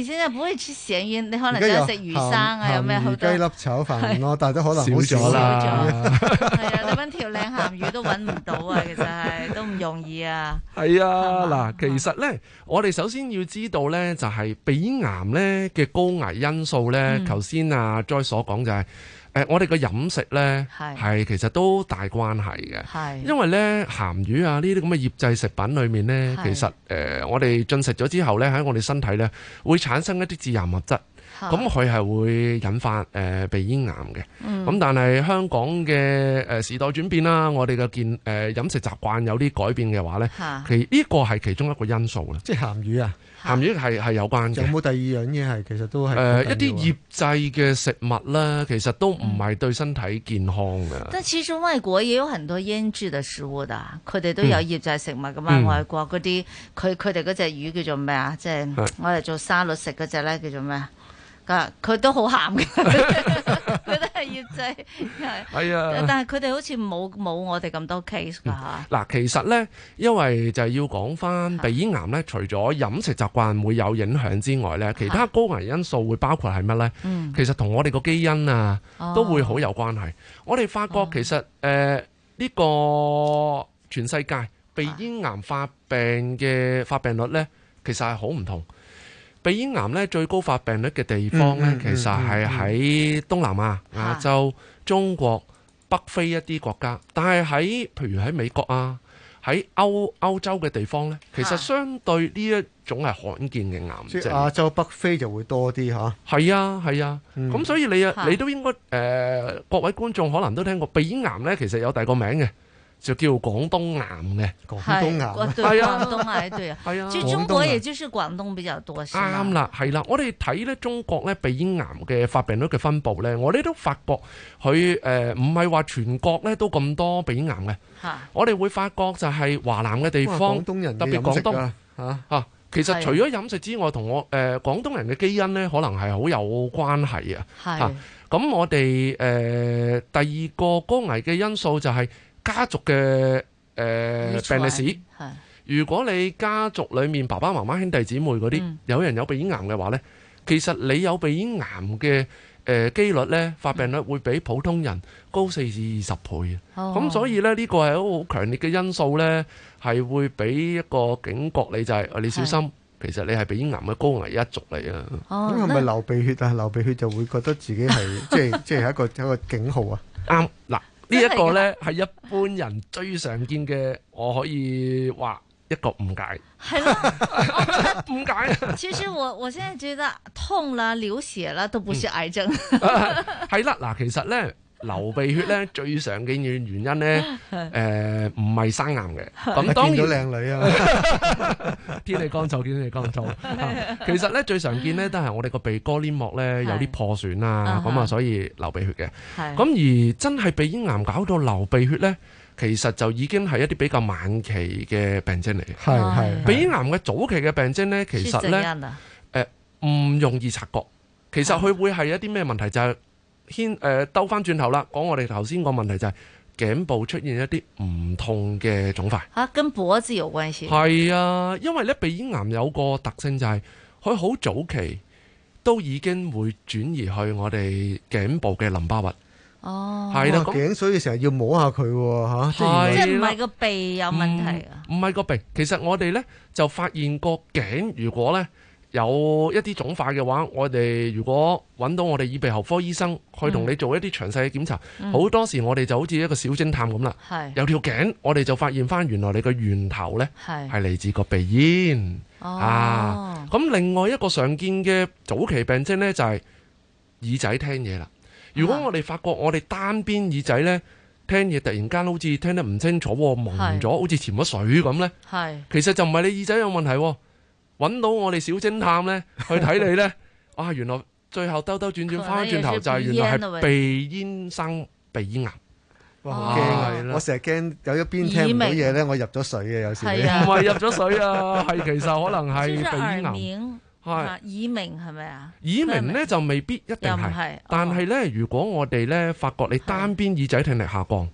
以前又唔可以出食宴，你可能想食魚生啊，有咩好多？鹽雞粒炒飯咯、啊，是但係都可能少咗啦。係啊了，你揾條靚鹹魚都揾唔到啊，其實係都唔容易啊。係啊，嗱嗎，其實咧，我哋首先要知道咧，就係、是、鼻癌咧嘅高危因素咧，頭先阿 Joy 所講就係。誒、呃，我哋嘅飲食咧，係是其實都大關係嘅，是因為咧鹹魚啊呢啲咁嘅醃製食品裏面咧，是其實誒、呃、我哋進食咗之後咧，喺我哋身體咧會產生一啲致癌物質，咁佢係會引發誒鼻咽癌嘅。咁、嗯、但係香港嘅誒時代轉變啦，我哋嘅健誒飲食習慣有啲改變嘅話咧，其呢個係其中一個因素啦，即係、就是、鹹魚啊。鹹魚係係有關，嘅，有冇第二樣嘢係？其實都係誒一啲醃製嘅食物啦。其實都唔係、呃、對身體健康嘅。嗯、但係始終外國也有很多醃製的食物噶，佢哋都有醃製食物噶嘛。嗯、外國嗰啲，佢佢哋嗰隻魚叫做咩啊？即、就、係、是、是我哋做沙律食嗰隻咧，叫做咩啊？佢都好鹹嘅。 即係係，但係佢哋好似冇冇我哋咁多 case 嘛？吓，嗱，其實咧，因為就係要講翻鼻咽癌咧，除咗飲食習慣會有影響之外咧，其他高危因素會包括係乜咧？其實同我哋個基因啊都會好有關係。我哋發覺其實誒呢個全世界鼻咽癌發病嘅發病率咧，其實係好唔同。鼻咽癌咧，最高發病率嘅地方咧，其實係喺東南亞、亞洲、中國、北非一啲國家，但係喺譬如喺美國啊，喺歐歐洲嘅地方咧，其實相對呢一種係罕見嘅癌症。即係亞洲啊、北非就會多啲吓。係啊係啊，咁、啊啊嗯、所以你啊，你都應該誒、呃，各位觀眾可能都聽過鼻咽癌咧，其實有第二個名嘅。就叫廣東癌嘅。癌係啊，廣東癌對啊，即係中國，也就是廣東比較多先。啱啦，係啦，我哋睇咧中國咧鼻咽癌嘅發病率嘅分布咧，我哋都發覺佢誒唔係話全國咧都咁多鼻咽癌嘅，吓、啊，我哋會發覺就係華南嘅地方，廣東人嘅飲食啊，特別廣東，吓、啊，其實除咗飲食之外，同我誒廣、呃、東人嘅基因咧，可能係好有關係的啊，係，咁我哋誒第二個高危嘅因素就係、是。家族嘅誒、呃、病歷史，是如果你家族裏面爸爸媽媽兄弟姊妹嗰啲、嗯、有人有鼻咽癌嘅話呢，其實你有鼻咽癌嘅誒、呃、機率呢發病率會比普通人高四至二十倍嘅。咁、嗯、所以呢，呢個係一個好強烈嘅因素呢係會俾一個警覺你、就是，就係你小心，是其實你係鼻咽癌嘅高危一族嚟啊。咁係咪流鼻血、啊？但係 流鼻血就會覺得自己係即係即係一個 一個警號啊。啱嗱。呢一個呢，係一般人最常見嘅， 我可以話一個誤解，係咯，誤解。其實我我現在覺得痛啦、流血啦，都不是癌症。係 啦、 嗯，嗱， 其實呢。流鼻血咧，最常見嘅原因咧，誒，唔係生癌嘅。咁當然靚女啊！天氣乾燥，天氣乾燥。其實咧，最常見咧，都係我哋個鼻哥黏膜咧有啲破損啊。咁啊所以流鼻血嘅。咁，而真係鼻咽癌搞到流鼻血咧，其實就已經係一啲比較晚期嘅病徵嚟。係，係鼻咽癌嘅早期嘅病徵咧，其實咧，誒，唔容易察覺。其實佢會係一啲咩問題就係？牽誒兜翻轉頭啦，講我哋頭先個問題就係頸部出現一啲唔痛嘅腫塊。嚇，跟脖子有關係？係啊，因為咧鼻咽癌有個特性就係佢好早期都已經會轉移去我哋頸部嘅淋巴核。哦，係啦，頸所以成日要摸下佢喎嚇。即係唔係個鼻有問題啊？唔係個鼻，其實我哋咧就發現個頸如果咧。有一啲腫塊嘅話，我哋如果揾到我哋耳鼻喉科醫生，去同你做一啲詳細嘅檢查，好、嗯、多時我哋就好似一個小偵探咁啦，是有條頸我哋就發現翻原來你嘅源頭呢係嚟是自個鼻咽、哦、啊。咁另外一個常見嘅早期病徵呢，就係、是、耳仔聽嘢啦。如果我哋發覺我哋單邊耳仔呢聽嘢突然間好似聽得唔清楚，蒙咗是好似潛咗水咁呢，是其實就唔係你耳仔有問題。揾到我哋小偵探咧，去睇你咧，啊！原來最後兜兜轉轉翻轉頭就係原來係鼻咽生鼻咽癌。哇！好驚啊！我成日驚有一邊聽唔到嘢咧，我入咗水嘅有時。唔係入咗水啊，係其實可能係鼻咽癌。係耳鳴係咪啊？耳鳴咧就未必一定係，但係咧如果我哋咧發覺你單邊耳仔聽力下降。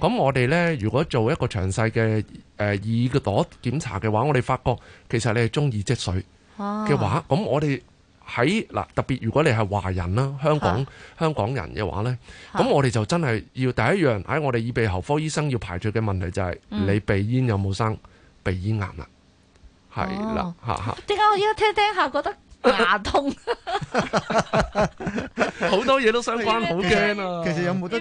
咁我哋呢，如果做一個詳細嘅誒耳朵檢查嘅話，我哋發覺其實你係中耳積水嘅話，咁、啊、我哋喺嗱特別如果你係華人啦，香港是香港人嘅話呢，咁是我哋就真係要第一樣喺我哋耳鼻喉科醫生要排除嘅問題就係、是嗯、你鼻咽有冇生鼻咽癌啦、啊，係啦嚇嚇。點解、啊、哈我依家聽聽下覺得？牙痛，好多嘢都相關，好驚啊！其實有冇得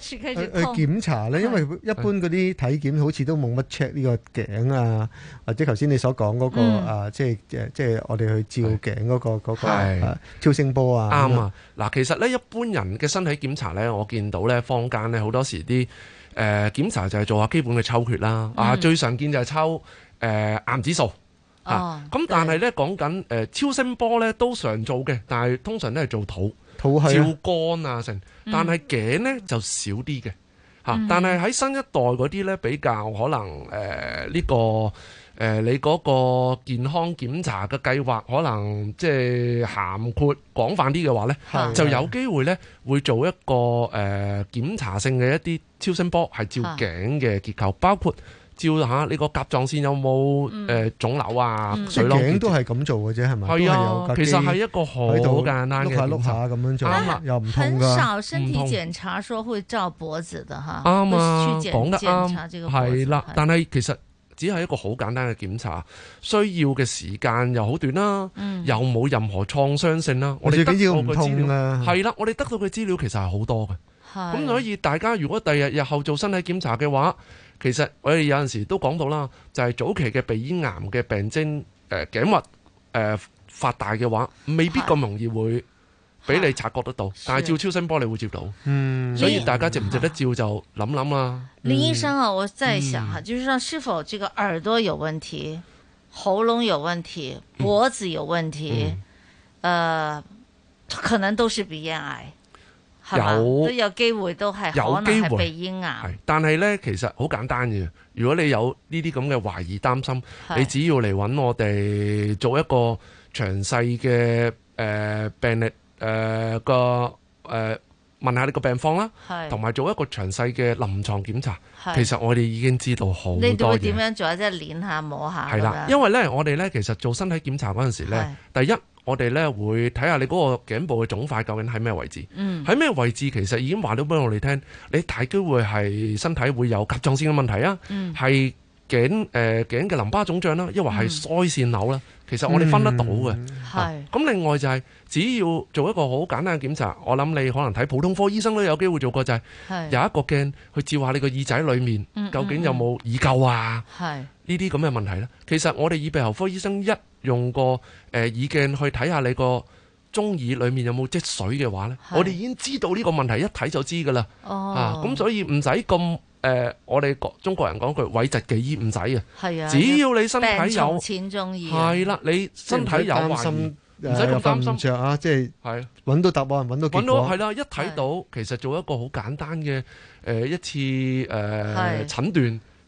去檢查咧？因為一般嗰啲體檢好似都冇乜 check 呢個頸啊，或者頭先你所講嗰個啊，即係即係我哋去照頸嗰個嗰個超聲波啊。啱啊！嗱，其實咧一般人嘅身體檢查咧，我見到咧坊間咧好多時啲誒檢查就係做下基本嘅抽血啦。啊，最常見就係抽誒癌指數。啊，咁但係咧講緊，誒對超聲波咧都常做嘅，但係通常都係做肚、肚係、啊、照肝啊成，但係頸咧就少啲嘅，吓、啊。嗯、但係喺新一代嗰啲咧比較可能，誒、呃、呢、這個誒、呃、你嗰個健康檢查嘅計劃可能即係涵括廣泛啲嘅話咧，的就有機會咧會做一個誒檢、呃、查性嘅一啲超聲波係照頸嘅結構，的包括。照下你個甲狀腺有冇誒腫瘤啊？水瘤？頸都係咁做嘅啫，係咪？係啊，其實係一個好簡單嘅，碌下咁樣做啦，又唔痛。很少身體檢查說會照脖子的哈，去檢檢查這個脖子。係啦，但係其實只係一個好簡單嘅檢查，需要嘅時間又好短啦，又冇任何創傷性啦。我自己要唔痛啊？係啦，我哋得到嘅資料其實係好多嘅。咁，所以大家如果第日日後做身體檢查嘅話。其實我哋有陣時都講到啦，就係、是、早期嘅鼻咽癌嘅病徵，誒、呃、頸核誒、呃、發大嘅話，未必咁容易會俾你察覺得到，是但係照超聲波你會照到，嗯、所以大家值唔值得照就諗諗啦。嗯嗯、林醫生啊，我再想吓，就是話是否這個耳朵有問題、嗯、喉嚨有問題、脖子有問題，嗯、呃，可能都是鼻咽癌。有都有機會都係有機會鼻咽癌，係但係咧，其實好簡單嘅。如果你有呢啲咁嘅懷疑擔心，是你只要嚟揾我哋做一個詳細嘅誒、呃、病歷誒個誒問下你個病況啦，同埋是做一個詳細嘅臨床檢查。是其實我哋已經知道好多嘅。你會點樣做啊？即係捏下摸下？係啦，因為咧，我哋咧其實做身體檢查嗰陣時咧，是第一。我哋咧會睇下你嗰個頸部嘅腫塊究竟喺咩位置？喺咩、嗯、位置？其實已經話咗俾我哋聽，你大機會係身體會有甲狀腺嘅問題啊，係頸誒頸嘅淋巴腫脹啦，亦或係腮腺瘤啦。嗯、其實我哋分得到嘅。係。咁另外就係只要做一個好簡單嘅檢查，我諗你可能睇普通科醫生都有機會做過，就係、是、有一個鏡去照下你個耳仔裏面，嗯、究竟有冇耳垢啊？係呢啲咁嘅問題咧。其實我哋耳鼻喉科醫生一用個誒、呃、耳鏡去睇下你個中耳裡面有冇積水嘅話咧，的我哋已經知道呢個問題一睇就知噶啦。哦，咁、啊、所以唔使咁誒，我哋講中國人講句，諱疾忌醫唔使嘅。係啊，的只要你身體有淺中耳、啊，係啦，你身體有唔心，唔使咁擔心著啊，即係係揾到答案，揾到結。揾到係啦，一睇到的其實做一個好簡單嘅誒、呃、一次誒診、呃、的斷。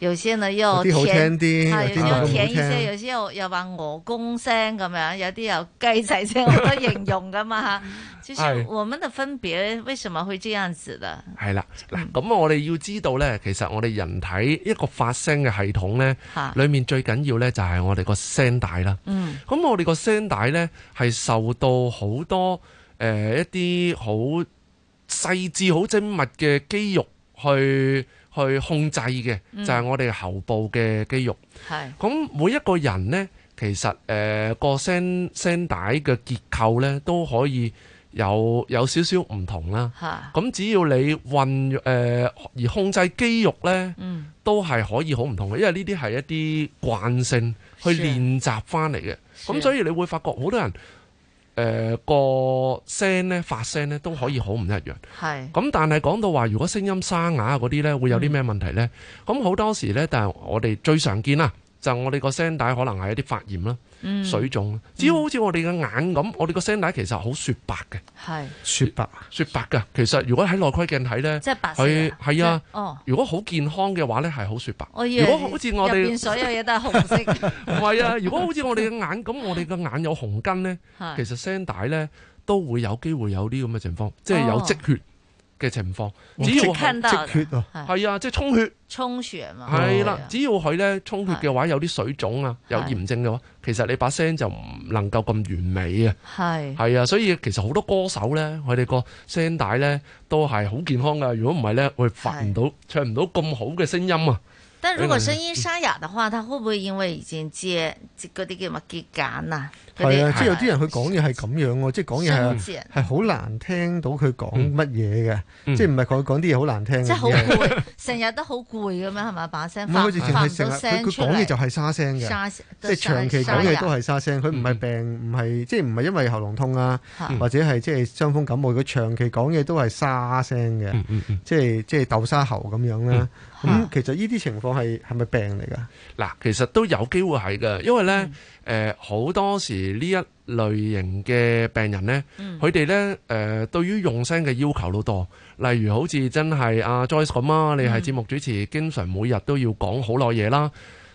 有些呢又甜，啲，有些甜一些，有些又又話鵝公聲咁樣，有啲又雞仔聲，好多形容㗎嘛吓。其實我們的分別為什麼會這樣子的？係啦，嗱，咁我哋要知道呢，其實我哋人體一個發聲嘅系統呢，裏面最緊要呢，就係我哋個聲帶啦。嗯，咁我哋個聲帶呢，係受到好多誒、呃、一啲好細致、好精密嘅肌肉去。去控制嘅就係、是、我哋喉部嘅肌肉，咁、嗯、每一個人呢，其實誒個聲聲帶嘅結構呢，都可以有有少少唔同啦。咁、啊、只要你運誒、呃、而控制肌肉呢，嗯、都係可以好唔同嘅，因為呢啲係一啲慣性去練習翻嚟嘅。咁所以你會發覺好多人。誒，呃，那個聲咧，發聲咧，都可以好唔一樣。係是，咁但係講到話，如果聲音沙啞嗰啲咧，會有啲咩問題咧？嗯，咁好多時咧，但係我哋最常見啦就我哋個聲帶可能係一啲發炎啦、嗯、水腫。只要好似我哋嘅眼咁，我哋個聲帶其實好雪白嘅。係是雪白，雪白㗎。其實如果喺內窺鏡睇咧，即係白，係係啊。哦，如果，如果好健康嘅話咧，係好雪白。如果好似我哋入邊所有嘢都係紅色。係 啊。如果好似我哋嘅眼咁，我哋嘅眼有紅筋咧，是其實聲帶咧都會有機會有啲咁嘅情況，即係有積血。哦嘅情況，只要積血啊，哦、啊，即係充血，充血啊嘛，係啦、啊，啊、只要佢咧充血嘅話，有啲水腫啊，啊有炎症嘅話，啊、其實你把聲就唔能夠咁完美啊，係、啊，啊，所以其實好多歌手咧，佢哋個聲帶咧都係好健康㗎，如果唔係咧，會發唔到，啊、唱唔到咁好嘅聲音啊。但如果聲音沙啞嘅話，他會唔會因為已經接結嗰啲叫乜結繭啊？係啊，即係有啲人佢講嘢係咁樣啊，即係講嘢係係好難聽到佢講乜嘢嘅，即係唔係佢講啲嘢好難聽。即係好攰，成日都好攰咁樣，係咪？把聲發發唔到聲出嚟。佢講嘢就係沙聲嘅，即係長期講嘢都係沙聲。佢唔係病，唔係即係唔係因為喉嚨痛啊，或者係即係傷風感冒。佢長期講嘢都係沙聲嘅，即係即係豆沙喉咁樣啦。咁其實呢啲情況係係咪病嚟㗎？嗱，其實都有機會係㗎，因為咧，誒好、嗯呃、多時呢一類型嘅病人咧，佢哋咧誒對於用聲嘅要求都多，例如好似真係阿 Joyce 咁啊，你係節目主持，嗯、經常每日都要講好耐嘢啦。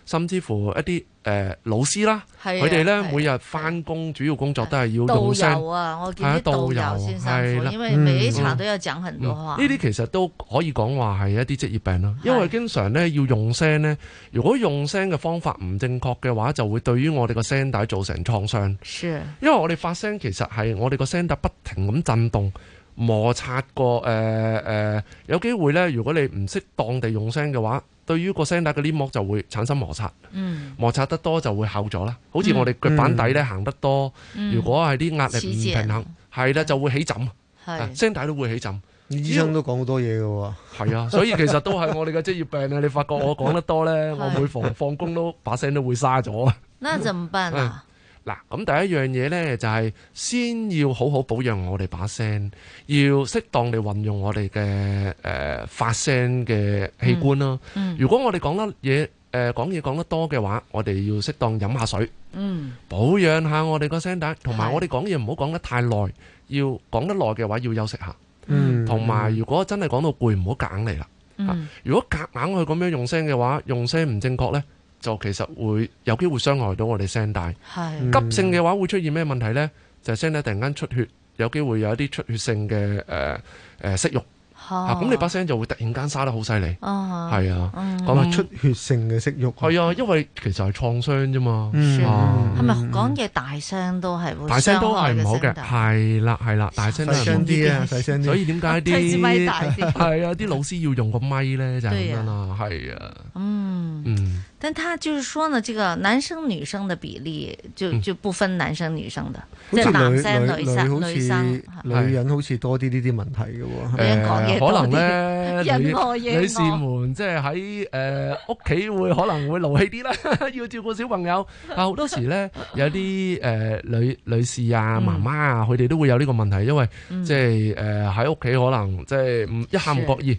甚至乎一啲、呃、老師啦，佢哋咧每日翻工，主要工作都係要用聲啊！我見到導遊先辛苦、啊啊、因為每一場都要講很多呢啲、嗯嗯嗯、其實都可以講話係一啲職業病啦，嗯、因為經常咧要用聲咧，如果用聲嘅方法唔正確嘅話，就會對於我哋個聲帶造成創傷。是、啊、因為我哋發聲其實係我哋個聲帶不停咁震動摩擦過、呃呃、有機會咧，如果你唔適當地用聲嘅話。對於個聲帶嘅黏膜就會產生摩擦，摩擦得多就會厚咗啦。好似我哋腳板底咧行得多，嗯、如果係啲壓力唔平衡，係啦、嗯、就會起枕。聲帶都會起枕。對醫生都講好多嘢㗎喎。係啊，所以其實都係我哋嘅職業病啊！ 你發覺我講得多咧，我每逢放工都把聲都會沙咗啊。那怎麼辦啊？嗱，咁第一樣嘢呢就係先要好好保養我哋把聲，要適當地運用我哋嘅誒發聲嘅器官咯。嗯，如果我哋講得嘢，誒講嘢講得多嘅話，我哋要適當飲下水。嗯，保養下我哋個聲帶，同埋我哋講嘢唔好講得太耐，要講得耐嘅話要休息下。嗯，同埋如果真係講到攰，唔好夾硬嚟啦。嗯，如果夾硬去咁樣用聲嘅話，用聲唔正確呢，就其實會有機會傷害到我哋聲帶。係急性嘅話，會出現咩問題咧？就係聲帶突然間出血，有機會有一啲出血性嘅誒誒息肉。嚇咁你把聲就會突然間沙得好犀利。哦，係啊，咁啊出血性嘅息肉。係啊，因為其實係創傷啫嘛。哦，係咪講嘢大聲都係嘅大聲都係唔好嘅。係啦，係啦，大聲啲啊，細聲啲。所以點解啲係啊？啲老師要用個咪咧就係咁樣啦。係啊。嗯嗯。但係佢就是說呢，這個男生女生的比例就就不分男生女生的。即係、女生女生女人好似多啲呢啲問題嘅，可能呢女士們即係喺誒屋企會可能會勞氣啲啦，要照顧小朋友，但好多時呢，有啲誒女女士啊媽媽啊，佢哋都會有呢個問題，因為即係誒喺屋企可能即係唔一喊唔覺意。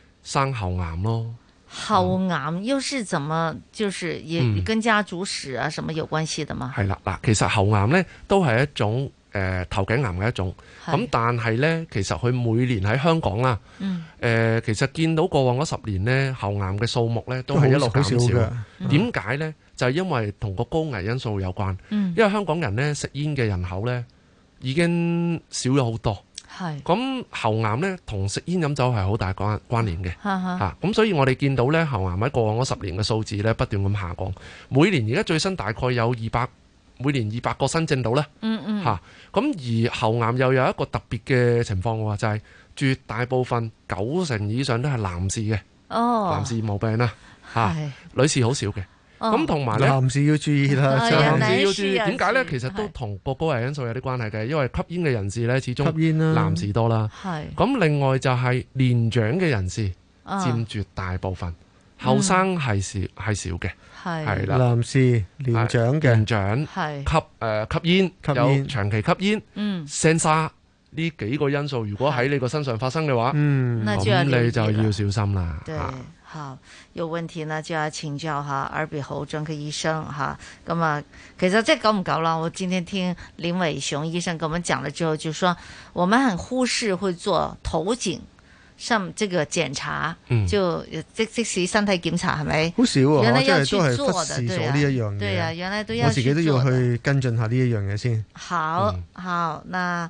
生喉癌咯，喉癌又是怎麼，就是也跟家族史啊，嗯、什麼有關係的嘛？係啦，嗱，其實喉癌呢都係一種誒頭頸癌嘅一種，咁、呃、的但係呢，其實佢每年喺香港啦，誒、嗯呃，其實見到過往嗰十年呢，喉癌嘅數目呢都係一路減少。點解、嗯、呢？就係、是、因為同個高危因素有關，嗯、因為香港人呢，食煙嘅人口呢已經少咗好多。咁是喉癌咧，同食煙飲酒係好大關關聯嘅嚇。咁所以我哋見到呢喉癌喺過往嗰十年嘅數字咧不斷咁下降，每年而家最新大概有二百每年二百個新症到啦，嗯嗯嚇，咁而喉癌又有一個特別嘅情況就係、是、絕大部分九成以上都係男士嘅哦，男士冇病啦嚇，女士好少嘅。咁同埋咧，男士要注意啦，男士要注意。點解咧？其實都同個高危因素有啲關係嘅，因為吸煙嘅人士咧，始終吸煙啦，男士多啦。咁另外就係年長嘅人士佔絕大部分，後生係少係少嘅。係係啦，男士年長嘅年長係吸誒吸煙，有長期吸煙，嗯，聲沙呢幾個因素，如果喺你個身上發生嘅話，嗯，咁你就要小心啦。對。好，有問題呢，就要請教吓耳鼻喉專科醫生哈咁啊，其實即係搞唔搞啦？我今天聽林偉雄醫生跟我們講了之後，就說我們很忽視會做頭頸上這個檢查，嗯、就即即時身體檢查係咪？好少啊，即係都做的、啊、即係都係忽視咗呢一樣對，啊、對啊，原來都要去，做自己都要去跟進下呢一樣嘢先。好，嗯、好，那。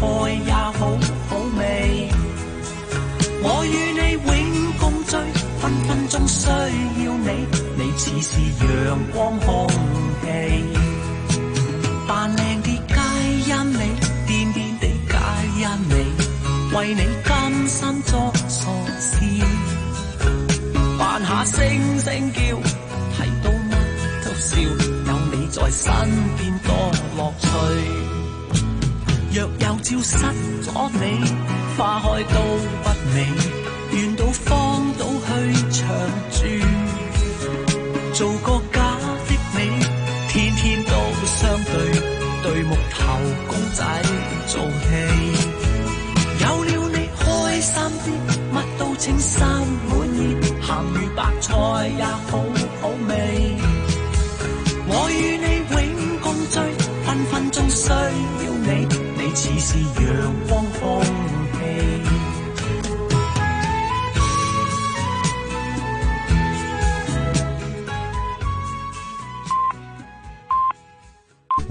愛也好好味，我與你永共聚，分分鐘需要你，你似是陽光空氣。扮靚啲皆因你，癲癲地皆因你，為你甘心作傻事，扮下猩猩叫，睇到乜都笑，有你在身邊多樂趣。若有朝失咗你，花開都不美。願到荒島去長住，做個假的你，天天都相對，對木頭公仔做戲。有了你開心啲，乜都稱心滿意，鹹魚白菜也好。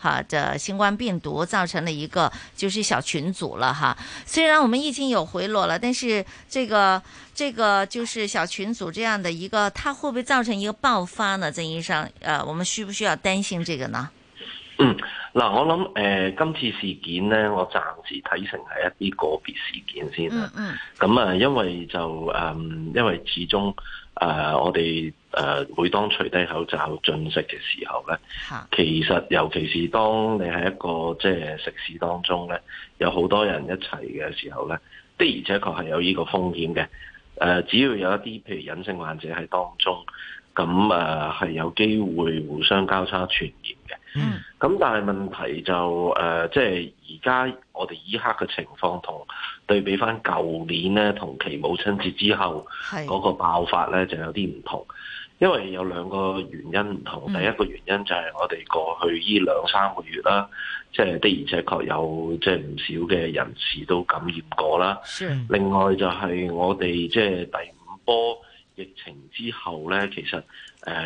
好的，啊、這新冠病毒造成了一個就是小群組了哈、啊。雖然我們已經有回落了，但是這個這個就是小群組這樣的一個，它會不會造成一個爆發呢？曾醫生，呃、啊，我們需不需要擔心這個呢？嗯，嗱，我諗，誒、呃，今次事件呢，我暫時睇成係一啲個別事件先啊、嗯。嗯嗯。咁啊，因為就誒、嗯，因為始終誒、呃，我哋。誒，每當除低口罩進食嘅時候咧，其實尤其是當你喺一個即係食肆當中咧，有好多人一齊嘅時候咧，的而且確係有呢個風險嘅。誒，只要有一啲譬如隱性患者喺當中，咁誒係有機會互相交叉傳染嘅。嗯，咁但係問題就誒，即係而家我哋依刻嘅情況同對比翻舊年咧，同期母親節之後嗰個爆發咧就有啲唔同。因為有兩個原因唔同，第一個原因就係我哋過去呢兩三個月啦，即係、嗯、的而且確有即係唔少嘅人士都感染過啦。是另外就係我哋即係第五波疫情之後咧，其實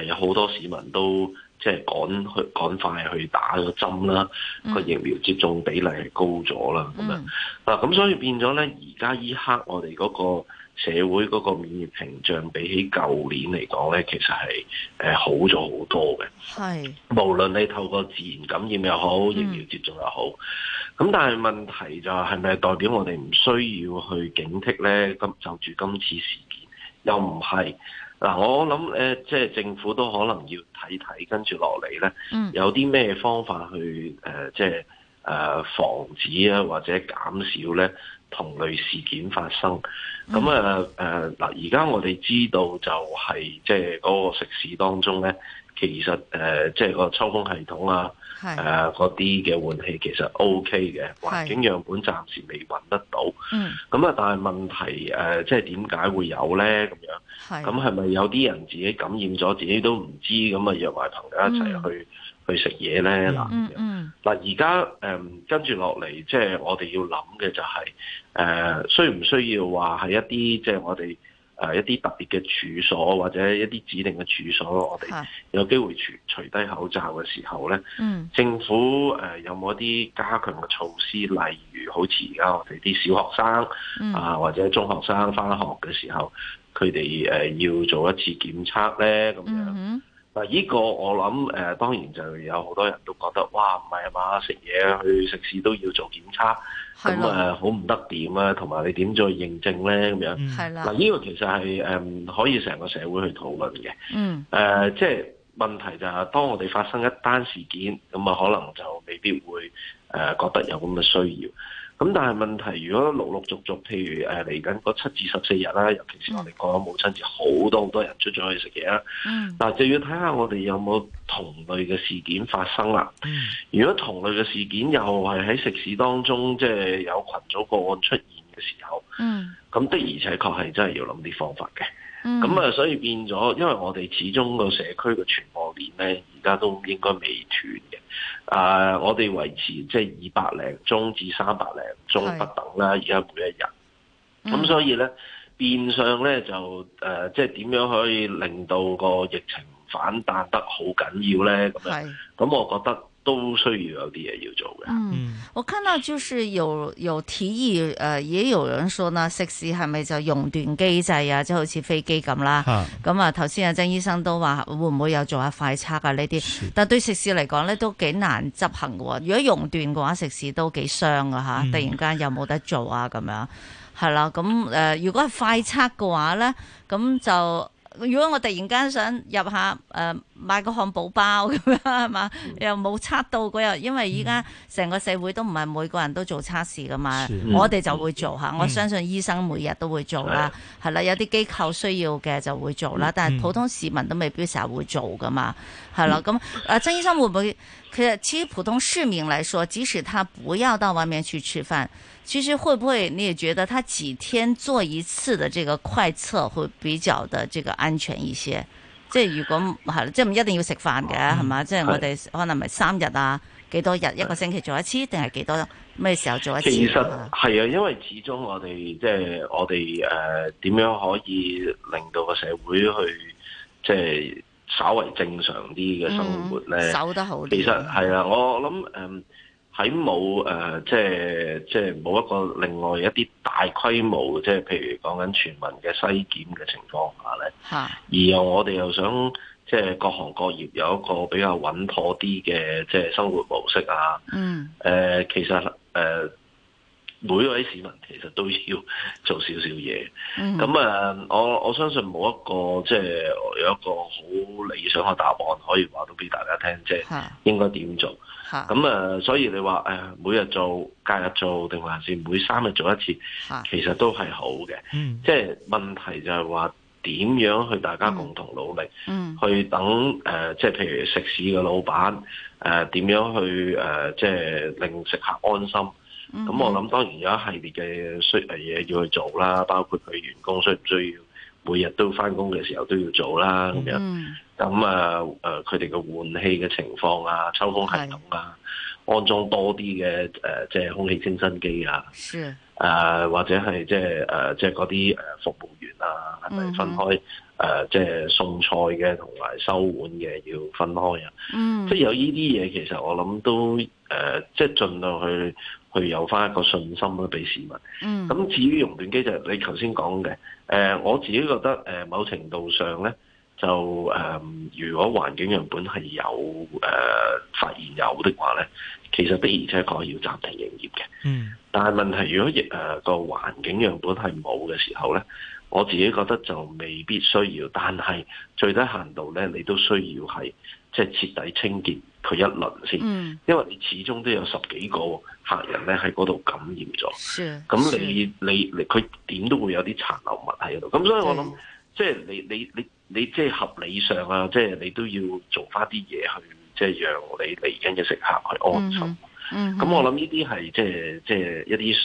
有好多市民都即係趕去趕快去打咗針啦，個、嗯、疫苗接種比例係高咗啦。咁啊咁，樣嗯、所以變咗咧，而家依刻我哋嗰、那個。社會嗰個免疫屏障比起舊年嚟講咧，其實係、呃、好咗好多嘅。係是，無論你透過自然感染又好，疫苗、嗯、接種又好，咁但係問題就係、是、咪代表我哋唔需要去警惕咧？就住今次事件又唔係嗱，我諗、呃、即係政府都可能要睇睇，跟住落嚟咧，嗯、有啲咩方法去誒、呃，即係、呃、防止啊，或者減少咧。同類事件發生，咁啊誒嗱，而家、嗯呃、我哋知道就係即係嗰個食肆當中咧，其實誒即係個抽風系統啊，誒嗰啲嘅換氣其實 OK 嘅，環境樣本暫時未揾得到。是嗯，咁啊，但係問題誒，即係點解會有咧？咁樣，咁係咪有啲人自己感染咗，自己都唔知，咁啊約埋朋友一齊去？嗯去食嘢咧嗱，嗱而家誒跟住落嚟，即係我哋要諗嘅就係，誒，需唔需要話係一啲即係我哋誒，一啲特別嘅處所或者一啲指定嘅處所，我哋有機會除除低口罩嘅時候咧，嗯，政府誒，有冇一啲加強嘅措施，例如好似而家我哋啲小學生啊，嗯，呃，或者中學生翻學嘅時候，佢哋，呃，要做一次檢測咧咁樣。嗯嗱，呢個我諗誒、呃，當然就有好多人都覺得，哇，唔係啊嘛，食嘢去食肆都要做檢測，咁誒好唔得點啊，同埋你點再認證咧咁樣？係啦的。嗱，呢個其實係誒、呃、可以成個社會去討論嘅。嗯。誒、呃，即係問題就係、是，當我哋發生一單事件，咁啊可能就未必會誒、呃、覺得有咁嘅需要。咁但係問題，如果陸陸續續，譬如誒嚟緊嗰七至十四日啦，尤其是我哋過咗母親節，mm. 好多好多人出咗去食嘢啦。嗯，嗱就要睇下我哋有冇同類嘅事件發生啦。嗯，如果同類嘅事件又係喺食肆當中，即係有群組個案出現嘅時候，嗯，咁的而且確係真係要諗啲方法嘅。咁啊，嗯、所以變咗，因為我哋始終個社區嘅傳播鏈咧，而家都應該未斷嘅。啊，我哋維持即係二百零宗至三百零宗不等啦，而家每一日。咁、嗯、所以咧，變相咧就誒，即係點樣可以令到個疫情反彈得好緊要咧？咁樣，咁我覺得。都需要有啲嘢要做嘅。嗯，我看到就是有有提議，誒、呃，也有人說呢，食肆係咪就熔斷機制啊？即係好似飛機咁啦。咁啊，頭先阿曾醫生都話，會唔會有做下快測啊？呢啲，是但對食肆嚟講咧，都幾難執行嘅。如果熔斷嘅話，食肆都幾傷噶吓。突然間又冇得做啊，咁樣係、嗯、啦。咁誒、呃，如果係快測嘅話咧，咁就如果我突然間想入下誒。呃買個漢堡包咁樣係嘛？ 又冇測到嗰日，因為依家成個社會都唔係每個人都做測試噶嘛。的我哋就會做嚇，嗯、我相信醫生每日都會做啦。係、嗯、啦，有啲機構需要嘅就會做啦。嗯、但係普通市民都未必成日會做噶嘛。係、嗯、啦，咁啊、呃，曾醫生會唔會，我唔，其實其實普通市民嚟說，即使他不要到外面去吃飯，其實會唔會你也覺得他幾天做一次的這個快測會比較的這個安全一些？即係如果係即係唔一定要食飯嘅，係嘛、嗯？即係我哋可能咪三日啊，幾多日一個星期做一次，定係幾多咩時候做一次？其實係啊，因為始終我哋即係我哋誒點樣可以令到個社會去即係、就是、稍為正常啲嘅生活咧、嗯，守得好。其實係啊，我諗誒喺冇誒，即係即係冇一個另外一啲大規模，即係譬如講緊全民嘅篩檢嘅情況下咧，的而我哋又想即係各行各業有一個比較穩妥啲嘅即係生活模式啊。嗯、呃，其實每、呃、每位市民其實都要做少少嘢。咁啊、嗯哼呃，我我相信冇一個即係有一個好理想嘅答案可以話到俾大家聽，即係應該點做。咁啊，所以你話誒每日做、隔日做，定還是每三日做一次，其實都係好嘅。嗯、即係問題就係話點樣去大家共同努力，嗯嗯、去等誒、呃，即係譬如食肆嘅老闆誒點、嗯呃、樣去誒、呃，即係令食客安心。咁、嗯、我諗當然有一系列嘅需誒嘢要去做啦，包括佢員工需唔需要每日都翻工嘅時候都要做啦咁、嗯、樣。咁啊，誒佢哋嘅換氣嘅情況啊，抽風系統啊，的安裝多啲嘅誒，即係空氣清新機啊，誒的、呃、或者係、呃、即係誒即係嗰啲誒服務員啊，係咪分開誒、嗯哼呃、即係送菜嘅同埋收碗嘅要分開啊？即係、嗯、有呢啲嘢，其實我諗都誒、呃，即係盡量去去有翻一個信心啦，俾市民。嗯，咁至於熔斷機就係你頭先講嘅，誒、呃、我自己覺得誒某程度上咧。就誒、嗯，如果環境樣本係有誒、呃、發現有的話咧，其實的而且確要暫停營業嘅。嗯。但係問題係，如果亦個、呃、環境樣本係冇嘅時候咧，我自己覺得就未必需要。但係最低限度咧，你都需要係即係徹底清潔佢一輪先。嗯。因為你始終都有十幾個客人咧喺嗰度感染咗。咁是你是你佢點都會有啲殘留物喺度。咁所以我諗，即係你你你。你你你即係合理上啊，即係你都要做翻啲嘢去，即係讓你嚟緊嘅食客去安心。Mm hmm. 嗯，咁我諗呢啲係即係即係一啲誒，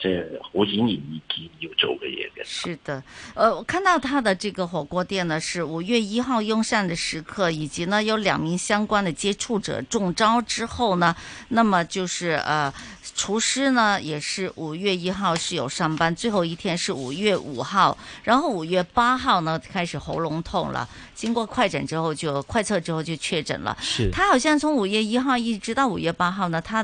即係好顯而易見要做嘅嘢嘅。是的，呃，我看到他的這個火鍋店呢，是五月一號用膳的食客，以及呢有兩名相關的接觸者中招之後呢，那麼就是呃廚師呢也是五月一號是有上班，最後一天是五月五號，然後五月八號呢開始喉嚨痛了，經過快診之後就快測之後就確診了。是，他好像從五月一號一直到五月八號呢，他。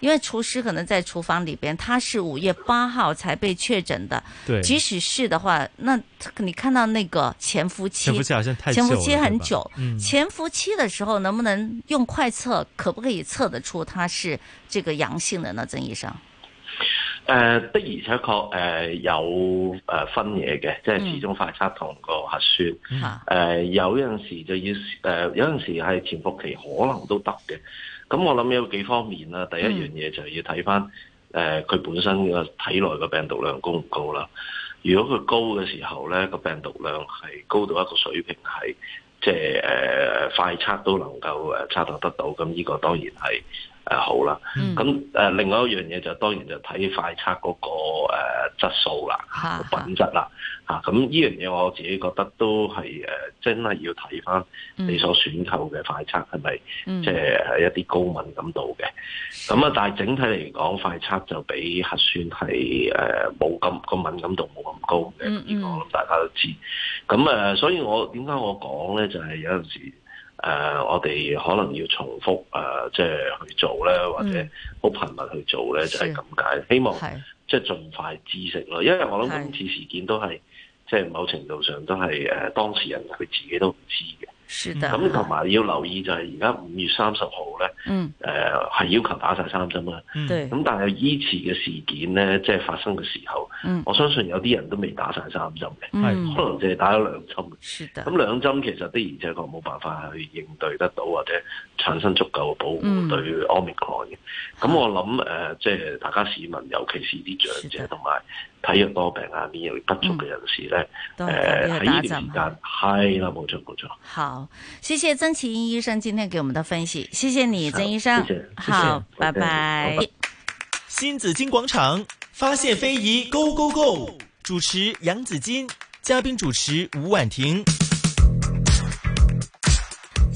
因為廚師可能在廚房裏邊，他是五月八號才被確診的。即使對是的話，那你看到那個潛伏期，潛伏、潛伏期很久。嗯、潛伏期的時候，能不能用快測，可不可以測得出他是這個陽性的呢？曾醫生，的而且確、確、呃、有分嘢嘅，即係始終快測同個核酸，嗯呃。有陣時就要、呃、有陣時係潛伏期可能都得嘅。咁我諗有幾方面啦，第一樣嘢就要睇翻，誒、嗯，佢、呃、本身個體內嘅病毒量高唔高啦。如果佢高嘅時候咧，個病毒量係高到一個水平，係即係誒快測都能夠誒測得得到，咁呢個當然係誒、呃、好啦。咁誒、嗯呃、另外一樣嘢就是、當然就睇快測嗰、那個誒質、呃、素啦，哈哈品質啦。啊，咁呢樣嘢我自己覺得都係誒、呃，真係要睇翻你所選購嘅快測係咪，即係、嗯、一啲高敏感度嘅。咁啊，但係整體嚟講，快測就比核酸係誒冇咁個敏感度冇咁高嘅。呢、嗯、個我諗大家都知。咁誒，所以我點解我講咧，就係、是、有陣時誒、呃，我哋可能要重複誒、呃，即係去做咧，或者好頻密去做咧，就係咁解。希望即係盡快知悉咯，因為我諗今次事件都係。即係某程度上都係誒，當事人佢自己都唔知嘅。咁同埋要留意就係而家五月三十號咧，誒係要求打晒三針啦。咁但係依次嘅事件咧，即係發生嘅時候，我相信有啲人都未打晒三針嘅，係可能淨係打咗兩針。咁兩針其實的而且確冇辦法去應對得到或者產生足夠嘅保護對 Omicron 嘅。咁我諗誒，即係大家市民，尤其是啲長者同埋。體弱多病啊、免疫力不足嘅人士咧，誒喺呢段時間係啦，冇錯冇錯。好，謝謝曾祈殷醫生今天給我們的分析，謝謝你好曾醫生，謝謝好，拜拜。新紫荊廣場，發現非遺，Go Go Go！主持楊子矜，嘉賓主持伍婉婷。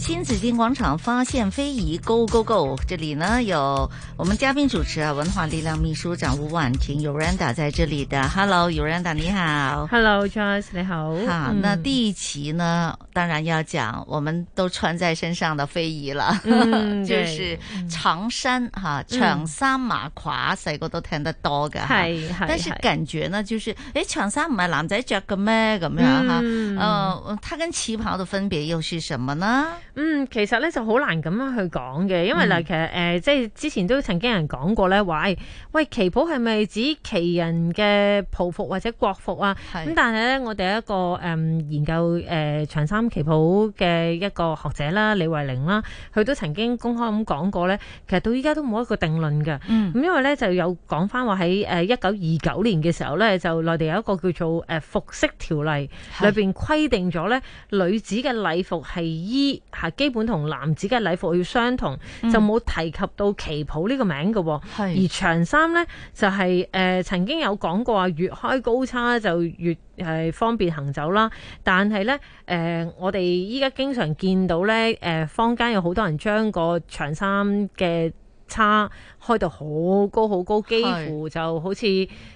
新紫荊廣場，發現非遺，Go Go Go！這裏呢有我們嘉賓主持啊，文化力量秘書長伍婉婷，Yoranda 在這裏的，Hello，Yoranda 你好，Hello，Charles 你好。Hello, Joss，你好，哈嗯、那第一期呢，當然要講我們都穿在身上的非遺了，嗯、 就是長衫哈、嗯啊，長衫馬褂，細、嗯、個都聽得多的。係。嗯、但是感覺呢，就是哎，長衫唔係男仔着嘅咩？咁樣哈，呃、嗯啊，它跟旗袍的分別又是什麼呢？嗯，其實咧，就好難咁樣去講嘅，因為嗱，其實誒即係之前都曾經有人講過咧，話喂，旗袍係咪指旗人嘅袍服或者國服啊？咁是但係咧，我哋有一個誒、嗯、研究誒、呃、長衫旗袍嘅一個學者啦，李慧玲啦，佢都曾經公開咁講過咧，其實到依家都冇一個定論嘅。咁、嗯、因為咧就有講翻話，喺誒一九二九年嘅時候咧，就內地有一個叫做誒服飾條例，裏邊規定咗咧女子嘅禮服係衣。基本同男子嘅禮服要相同，嗯、就冇提及到旗袍呢個名嘅。是而長衫呢，就係、是呃、曾經有講過話越開高叉就越、係呃、方便行走啦。但係呢，呃、我哋依家經常見到呢，誒、呃，坊間有好多人將個長衫嘅叉開到好高好高，幾乎就好似。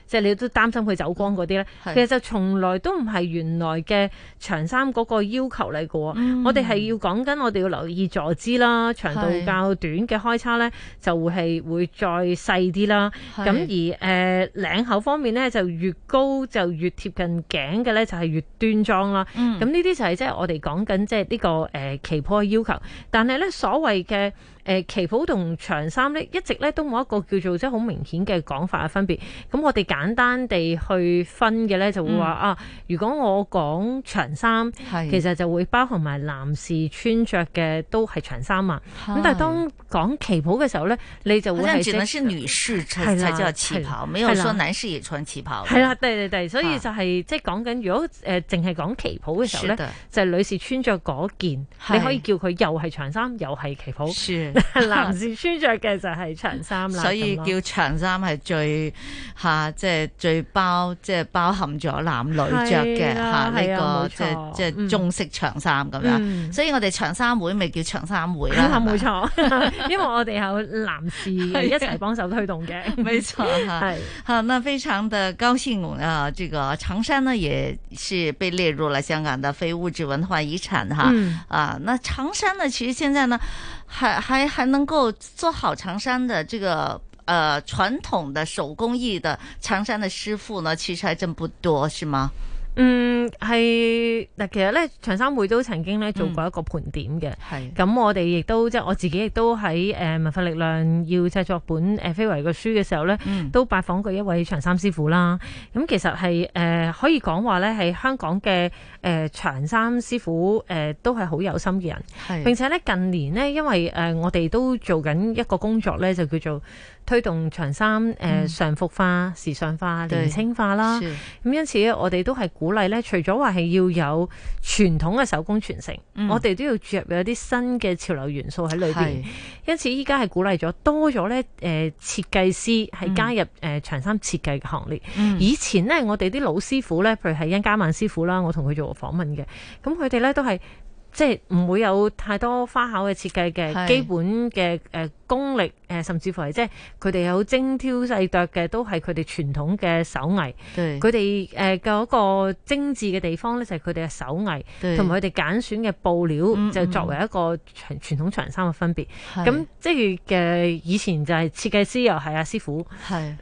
即係你都擔心佢走光嗰啲咧，其實就從來都唔係原來嘅長衫嗰個要求嚟嘅。嗯、我哋係要講緊，我哋要留意坐姿啦，長度較短嘅開叉咧就會係會再細啲啦。咁是而誒、呃、領口方面咧，就越高就越貼近頸嘅咧，就係越端莊啦。咁呢啲就係即係我哋講緊即係呢個誒、呃、旗袍嘅要求。但係咧所謂嘅誒、呃、旗袍同長衫咧，一直咧都冇一個叫做即係好明顯嘅講法嘅分別。咁我哋揀。簡單地去分嘅咧，就會話啊，如果我講長衫，其實就會包含埋男士穿着嘅都係長衫嘛。咁但係當講旗袍嘅時候咧，你就會因為只能是女士穿才叫做旗袍，唔有得男士也穿旗袍。係啦，對對對。所以就係即係講緊，如果誒淨係講旗袍嘅時候咧，就係女士穿着嗰件，你可以叫佢又係長衫，又係旗袍。係男士穿着嘅就係長衫啦。所以叫長衫係最嚇即。即係最包，即、就、係、是、包含咗男女着嘅吓呢個，即係即係中式長衫咁樣。嗯、所以我哋長衫會咪叫長衫會啦。冇錯、嗯吧嗯，因為我哋有男士一齊幫手推動嘅。冇錯、 啊，係。吓、啊是，那非常的高興啊！這個長衫呢，也是被列入了香港的非物質文化遺產哈。啊，嗯、啊，那長衫呢，其實現在呢，還還還能夠做好長衫的這個。誒、呃，傳統的手工藝的長衫的師傅呢，其實還真不多，是嗎？嗯，係嗱，其實咧，長衫會都曾經咧做過一個盤點嘅。係咁、嗯，我哋亦都即係我自己亦都喺誒、呃、文化力量要製作本誒、呃、非遺嘅書嘅時候咧，嗯、都拜訪過一位長衫師傅啦。咁、嗯嗯嗯、其實係誒、呃、可以講話咧，係香港嘅誒、呃、長衫師傅誒、呃、都係好有心嘅人。係是並且咧，近年呢，因為誒、呃、我哋都做緊一個工作咧，就叫做。推動長衫誒常服化、嗯、時尚化、年青化啦。咁對因此我哋都係鼓勵咧，除咗話係要有傳統嘅手工傳承，嗯、我哋都要注入有一啲新嘅潮流元素喺裏邊。是因此依家係鼓勵咗多咗咧誒設計師係加入誒長衫設計行列。嗯、以前咧，我哋啲老師傅咧，譬如係殷家萬師傅啦，我同佢做過訪問嘅，咁佢哋咧都係。即係唔會有太多花巧嘅設計嘅是基本嘅誒、呃、功力誒、呃，甚至乎係即係佢哋有精挑細琢嘅，都係佢哋傳統嘅手藝。佢哋誒嘅一個精緻嘅地方咧，就係佢哋嘅手藝，同埋佢哋揀選嘅布料，嗯嗯、就作為一個長傳統長衫嘅分別。咁即係嘅以前就係設計師又係阿師傅，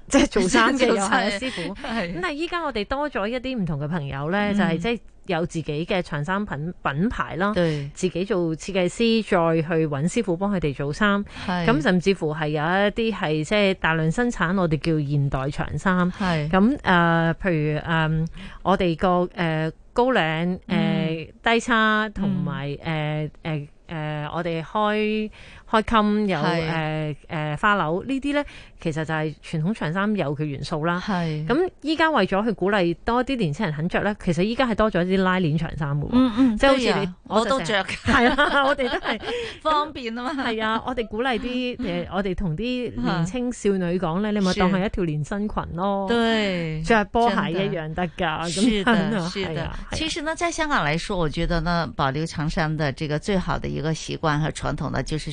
即係是做衫嘅又係阿師傅。咁 是但係依家我哋多咗一啲唔同嘅朋友咧，就係即係。嗯有自己嘅長衫品品牌啦，對自己做設計師，再去揾師傅幫佢哋做衫。咁是甚至乎係有一啲係即係大量生產，我哋叫現代長衫。咁誒是、呃，譬如誒、呃，我哋個誒高領誒、呃嗯、低叉，同埋誒誒我哋開，開襟有誒誒花樓呢啲咧，其實就係傳統長衫有嘅元素啦。係，咁依家為咗去鼓勵多啲年青人肯着咧，其實依家係多咗啲拉鍊長衫嘅喎。嗯嗯，即係好似你我都着嘅。係啦，我哋都係方便啊嘛。係啊，我哋鼓勵啲誒，我哋同啲年青少女講咧，你咪當係一條連身裙咯。對，着波鞋一樣得㗎。是的，是的。其實呢，在香港來說，我覺得呢保留長衫的這個最好的一個習慣和傳統呢，就是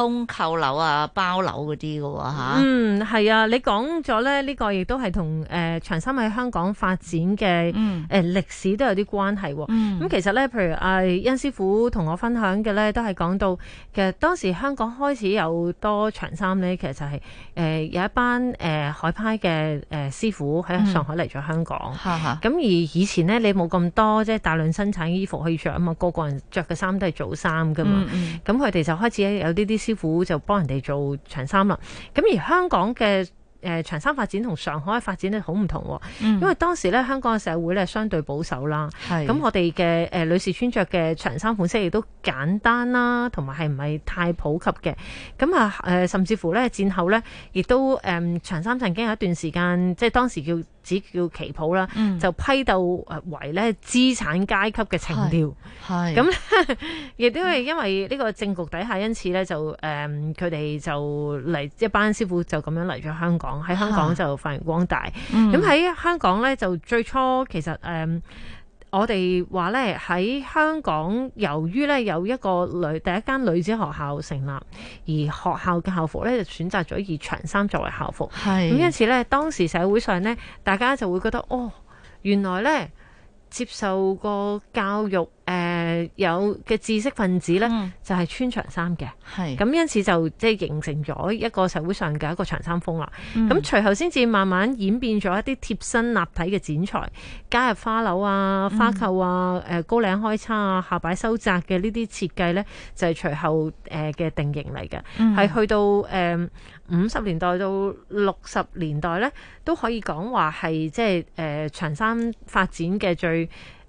供扣樓啊，包樓嗰啲噶嚇。嗯，係啊，你講咗咧，呢個亦都係同誒長衫喺香港發展嘅誒、嗯呃、歷史都有啲關係啊。嗯，咁、嗯、其實咧，譬如阿殷、啊、師傅同我分享嘅咧，都係講到其實當時香港開始有多長衫咧，其實就係、是、誒、呃、有一班誒、呃、海派嘅誒、呃、師傅喺上海嚟咗香港。咁、嗯、而以前咧，你冇咁多即係大量生產衣服可以着啊嘛，個個人着嘅衫都係做衫噶嘛。咁佢哋就開始有啲啲。師傅就幫人哋做長衫啦，咁而香港嘅誒、呃、長衫發展同上海嘅發展咧好唔同，啊，嗯、因為當時咧香港嘅社會咧相對保守啦，咁是我哋嘅、呃、女士穿着嘅長衫款式亦都簡單啦，同埋係唔係太普及嘅，咁啊、呃、甚至乎咧戰後咧亦都誒、呃、長衫曾經有一段時間，即係當時叫只叫旗袍啦，嗯、就批鬥為咧資產階級嘅情調，咁亦、嗯嗯、都係因為呢個政局底下，因此咧就誒佢哋就嚟一班師傅就咁樣嚟咗香港。喺香港就發揚光大。咁喺、啊嗯、香港呢，就最初其實誒、嗯，我哋話呢，喺香港，由於呢有一個女第一間女子學校成立，而學校嘅校服呢就選擇咗以長衫作為校服。咁是因此呢，當時社會上呢，大家就會覺得哦，原來呢接受過教育。誒、呃、有嘅知識分子咧，嗯、就係穿長衫嘅，咁是因此就即係形成咗一個社會上嘅一個長衫風啦。咁、嗯、隨後先至慢慢演變咗一啲貼身立體嘅剪裁，加入花樓啊、花扣啊、嗯呃、高領開叉啊、下擺收窄嘅呢啲設計咧，就係、是、隨後誒嘅、呃、定型嚟嘅。係、嗯、去到誒五十年代到六十年代咧，都可以講話係即係誒長衫發展嘅最。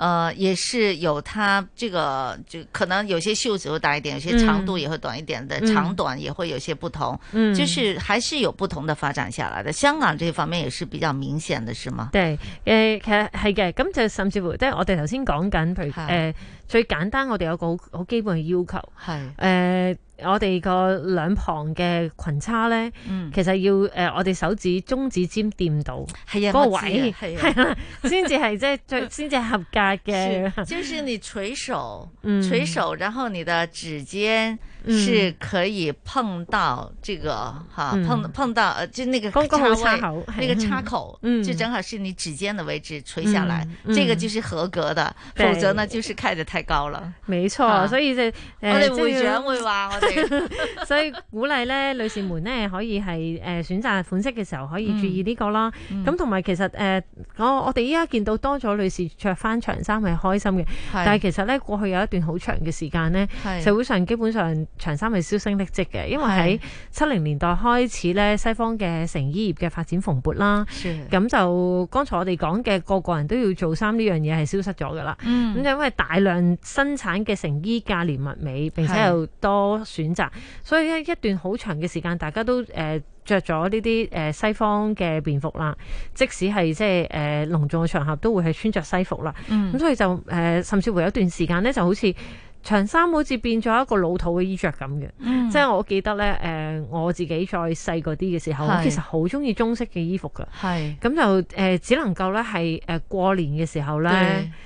呃，也是有，它這個就可能有些袖子會大一點，有些長度也會短一點的，嗯、長短也會有些不同，嗯，就是還是有不同的發展下來的。嗯、香港這方面也是比較明顯的是嗎？對，誒、呃，其實係嘅，咁就甚至乎，即係我哋頭先講緊，譬如誒是、呃、最簡單，我哋有個好好基本嘅要求，係誒是。呃我哋個兩旁嘅裙叉咧，嗯、其實要誒、呃，我哋手指中指尖掂到嗰、嗯、個位，係啦，先至係最，先至 合格嘅。就算、是、你垂手，垂 手，然後你嘅指尖。是可以碰到這個哈，碰碰到，就那個叉口，那個叉口，就正好是你指尖的位置垂下來，這個就是合格的，否則呢就是開得太高了。沒錯，所以就我哋會長會話我哋，所以鼓勵咧，女士們呢可以係誒選擇款式嘅時候可以注意呢個啦。咁同埋其實誒，我我哋依家見到多咗女士着翻長衫係開心嘅，但係其實咧，過去有一段好長嘅時間呢，社會上基本上。長衫係銷聲匿跡嘅，因為喺七零年代開始咧，西方嘅成衣業嘅發展蓬勃啦。咁的就剛才我哋講嘅個個人都要做衫呢樣嘢係消失咗㗎啦。咁就、嗯、因為大量生產嘅成衣價廉物美，並且又多選擇，的所以一一段好長嘅時間，大家都誒著咗呢啲誒西方嘅便服啦。即使係即係誒隆重嘅場合，都會係穿着西服啦。咁、嗯、所以就誒、呃，甚至乎有一段時間咧，就好似～長衫好似變咗一個老土嘅衣着咁嘅，嗯、即係我記得咧誒、呃，我自己再細個啲嘅時候，是我其實好中意中式嘅衣服噶，咁是就誒、呃、只能夠咧係誒過年嘅時候咧，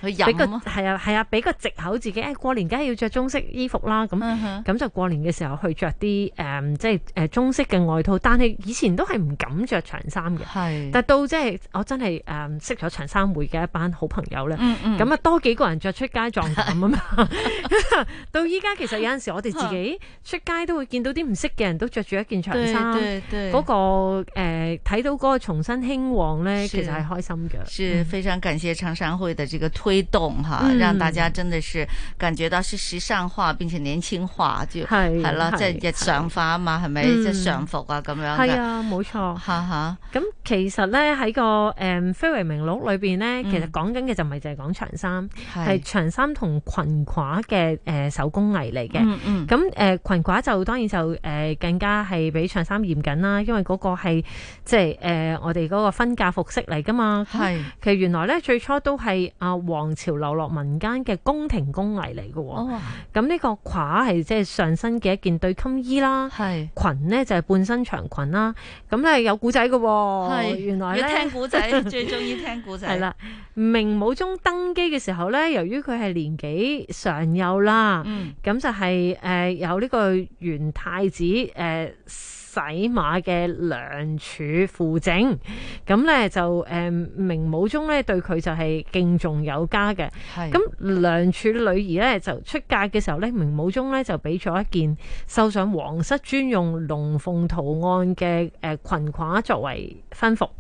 俾、啊、個係啊係啊俾個藉口自己誒、哎、過年梗係要着中式衣服啦，咁咁、嗯、哼就過年嘅時候去着啲誒即係中式嘅外套，但係以前都係唔敢着長衫嘅，是但到即係我真係誒、呃、識咗長衫會嘅一班好朋友咧，咁啊、嗯嗯、多幾個人着出街撞咁啊嘛～到依家其實有陣時我哋自己出街都會見到啲唔識嘅人都着住一件長衫，嗰個誒睇到嗰個重新興旺咧，其實係開心嘅。是非常感謝長衫會的這個推動哈，讓大家真的是感覺到是時尚化，並且年輕化，就係係咯，即係日常化啊嘛，係咪即係上服啊咁樣？係啊，冇錯。吓吓，咁其實咧喺個誒非遺名錄裏邊咧，其實講緊嘅就唔係淨係講長衫，係長衫同裙褂嘅。誒、呃，手工藝嚟嘅，咁誒、嗯嗯呃、裙褂就當然就誒、呃、更加係比長衫嚴謹啦，因為嗰個係即係誒、呃、我哋嗰個婚嫁服飾嚟噶嘛。係是其實原來咧最初都係阿皇朝流落民間嘅宮廷工藝嚟嘅。哦，咁呢個褂係即係上身嘅一件對襟衣啦，係是裙咧就係、是、半身長裙啦。咁咧有古仔嘅，係是原來咧即係聽古仔，最中意聽古仔。係啦，明武宗登基嘅時候咧，由於佢係年紀尚幼。啦，咁、嗯、就係、是、誒、呃、有呢個元太子誒洗、呃、馬嘅梁柱副正，咁咧、嗯、就誒、呃、明武宗咧對佢就係敬重有加嘅。咁是梁柱女兒咧就出嫁嘅時候咧，明武宗咧就俾咗一件繡上皇室專用龍鳳圖案嘅誒、呃、裙褂作為婚服。咁、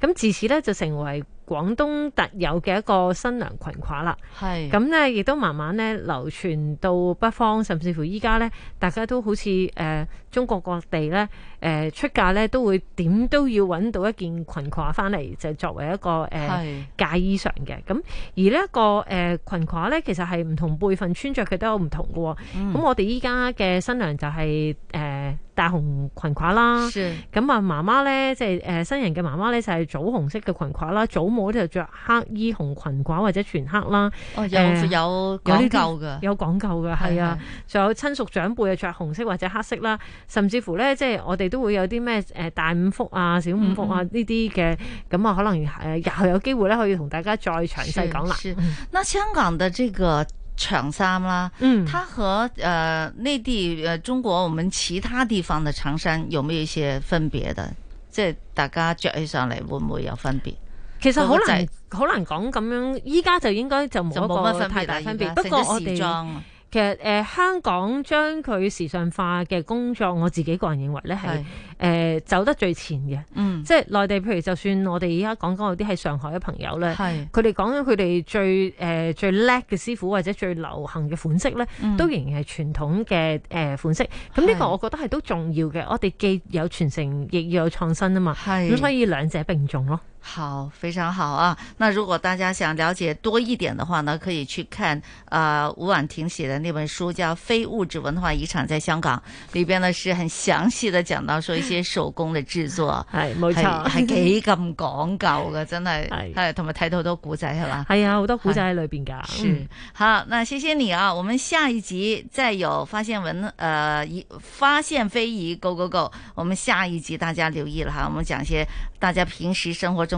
嗯、自此咧就成為廣東特有嘅一個新娘裙褂啦，咁咧亦都慢慢咧流傳到北方，甚至乎依家咧大家都好似誒、呃中國各地咧、呃，出嫁咧都會點都要揾到一件裙褂翻嚟，就是、作為一個誒嫁、呃、是衣裳嘅。咁而、這個呃、呢一個誒裙褂咧，其實係唔同輩份穿着嘅都有唔同喎。咁、嗯、我哋依家嘅新娘就係、是呃、大紅裙褂啦。咁啊是媽媽咧，即、就、係、是呃、新人嘅媽媽咧，就係棗紅色嘅裙褂啦。祖母就着黑衣紅裙褂或者全黑啦。哦，有、呃、有講究嘅，有講究嘅，係啊。仲的有親屬長輩啊，着紅色或者黑色啦。甚至乎咧，即係我哋都會有啲咩誒大五福啊、小五福啊呢啲嘅，咁啊、嗯嗯、可能誒又有機會咧，可以同大家再詳細講啦。是，那香港的這個長衫啦，嗯，它和誒、呃、內地誒中國我們其他地方的長衫有冇一些分別的？即係大家着起上嚟會唔會有分別？其實好難好難講咁樣，依家就應該就冇冇乜太大分別，分別的不過我哋。其實誒、呃，香港將佢時尚化嘅工作，我自己個人認為咧係誒走得最前嘅。嗯，即係內地，譬如就算我哋而家講講有啲喺上海嘅朋友咧，係佢哋講緊佢哋最誒、呃、最叻嘅師傅或者最流行嘅款式咧，嗯、都仍然係傳統嘅誒、呃、款式。咁呢個我覺得係都重要嘅。是我哋既有傳承，亦要有創新啊嘛。係咁是，所以兩者並重咯。好，非常好啊！那如果大家想了解多一點的話呢，可以去看啊伍婉婷寫的那本書，叫《非物質文化遺產在香港》。裏邊呢是很詳細的講到說一些手工的製作，係 還，冇錯，係幾咁講究噶，的 真係是係，同埋睇到好多古仔係嘛？係啊，好多古仔喺裏邊噶。是，嗯嗯、好，那謝謝你啊！我們下一集再有發現文，呃，發現非遺，Go Go Go！我們下一集大家留意了哈，我們講一些大家平時生活中。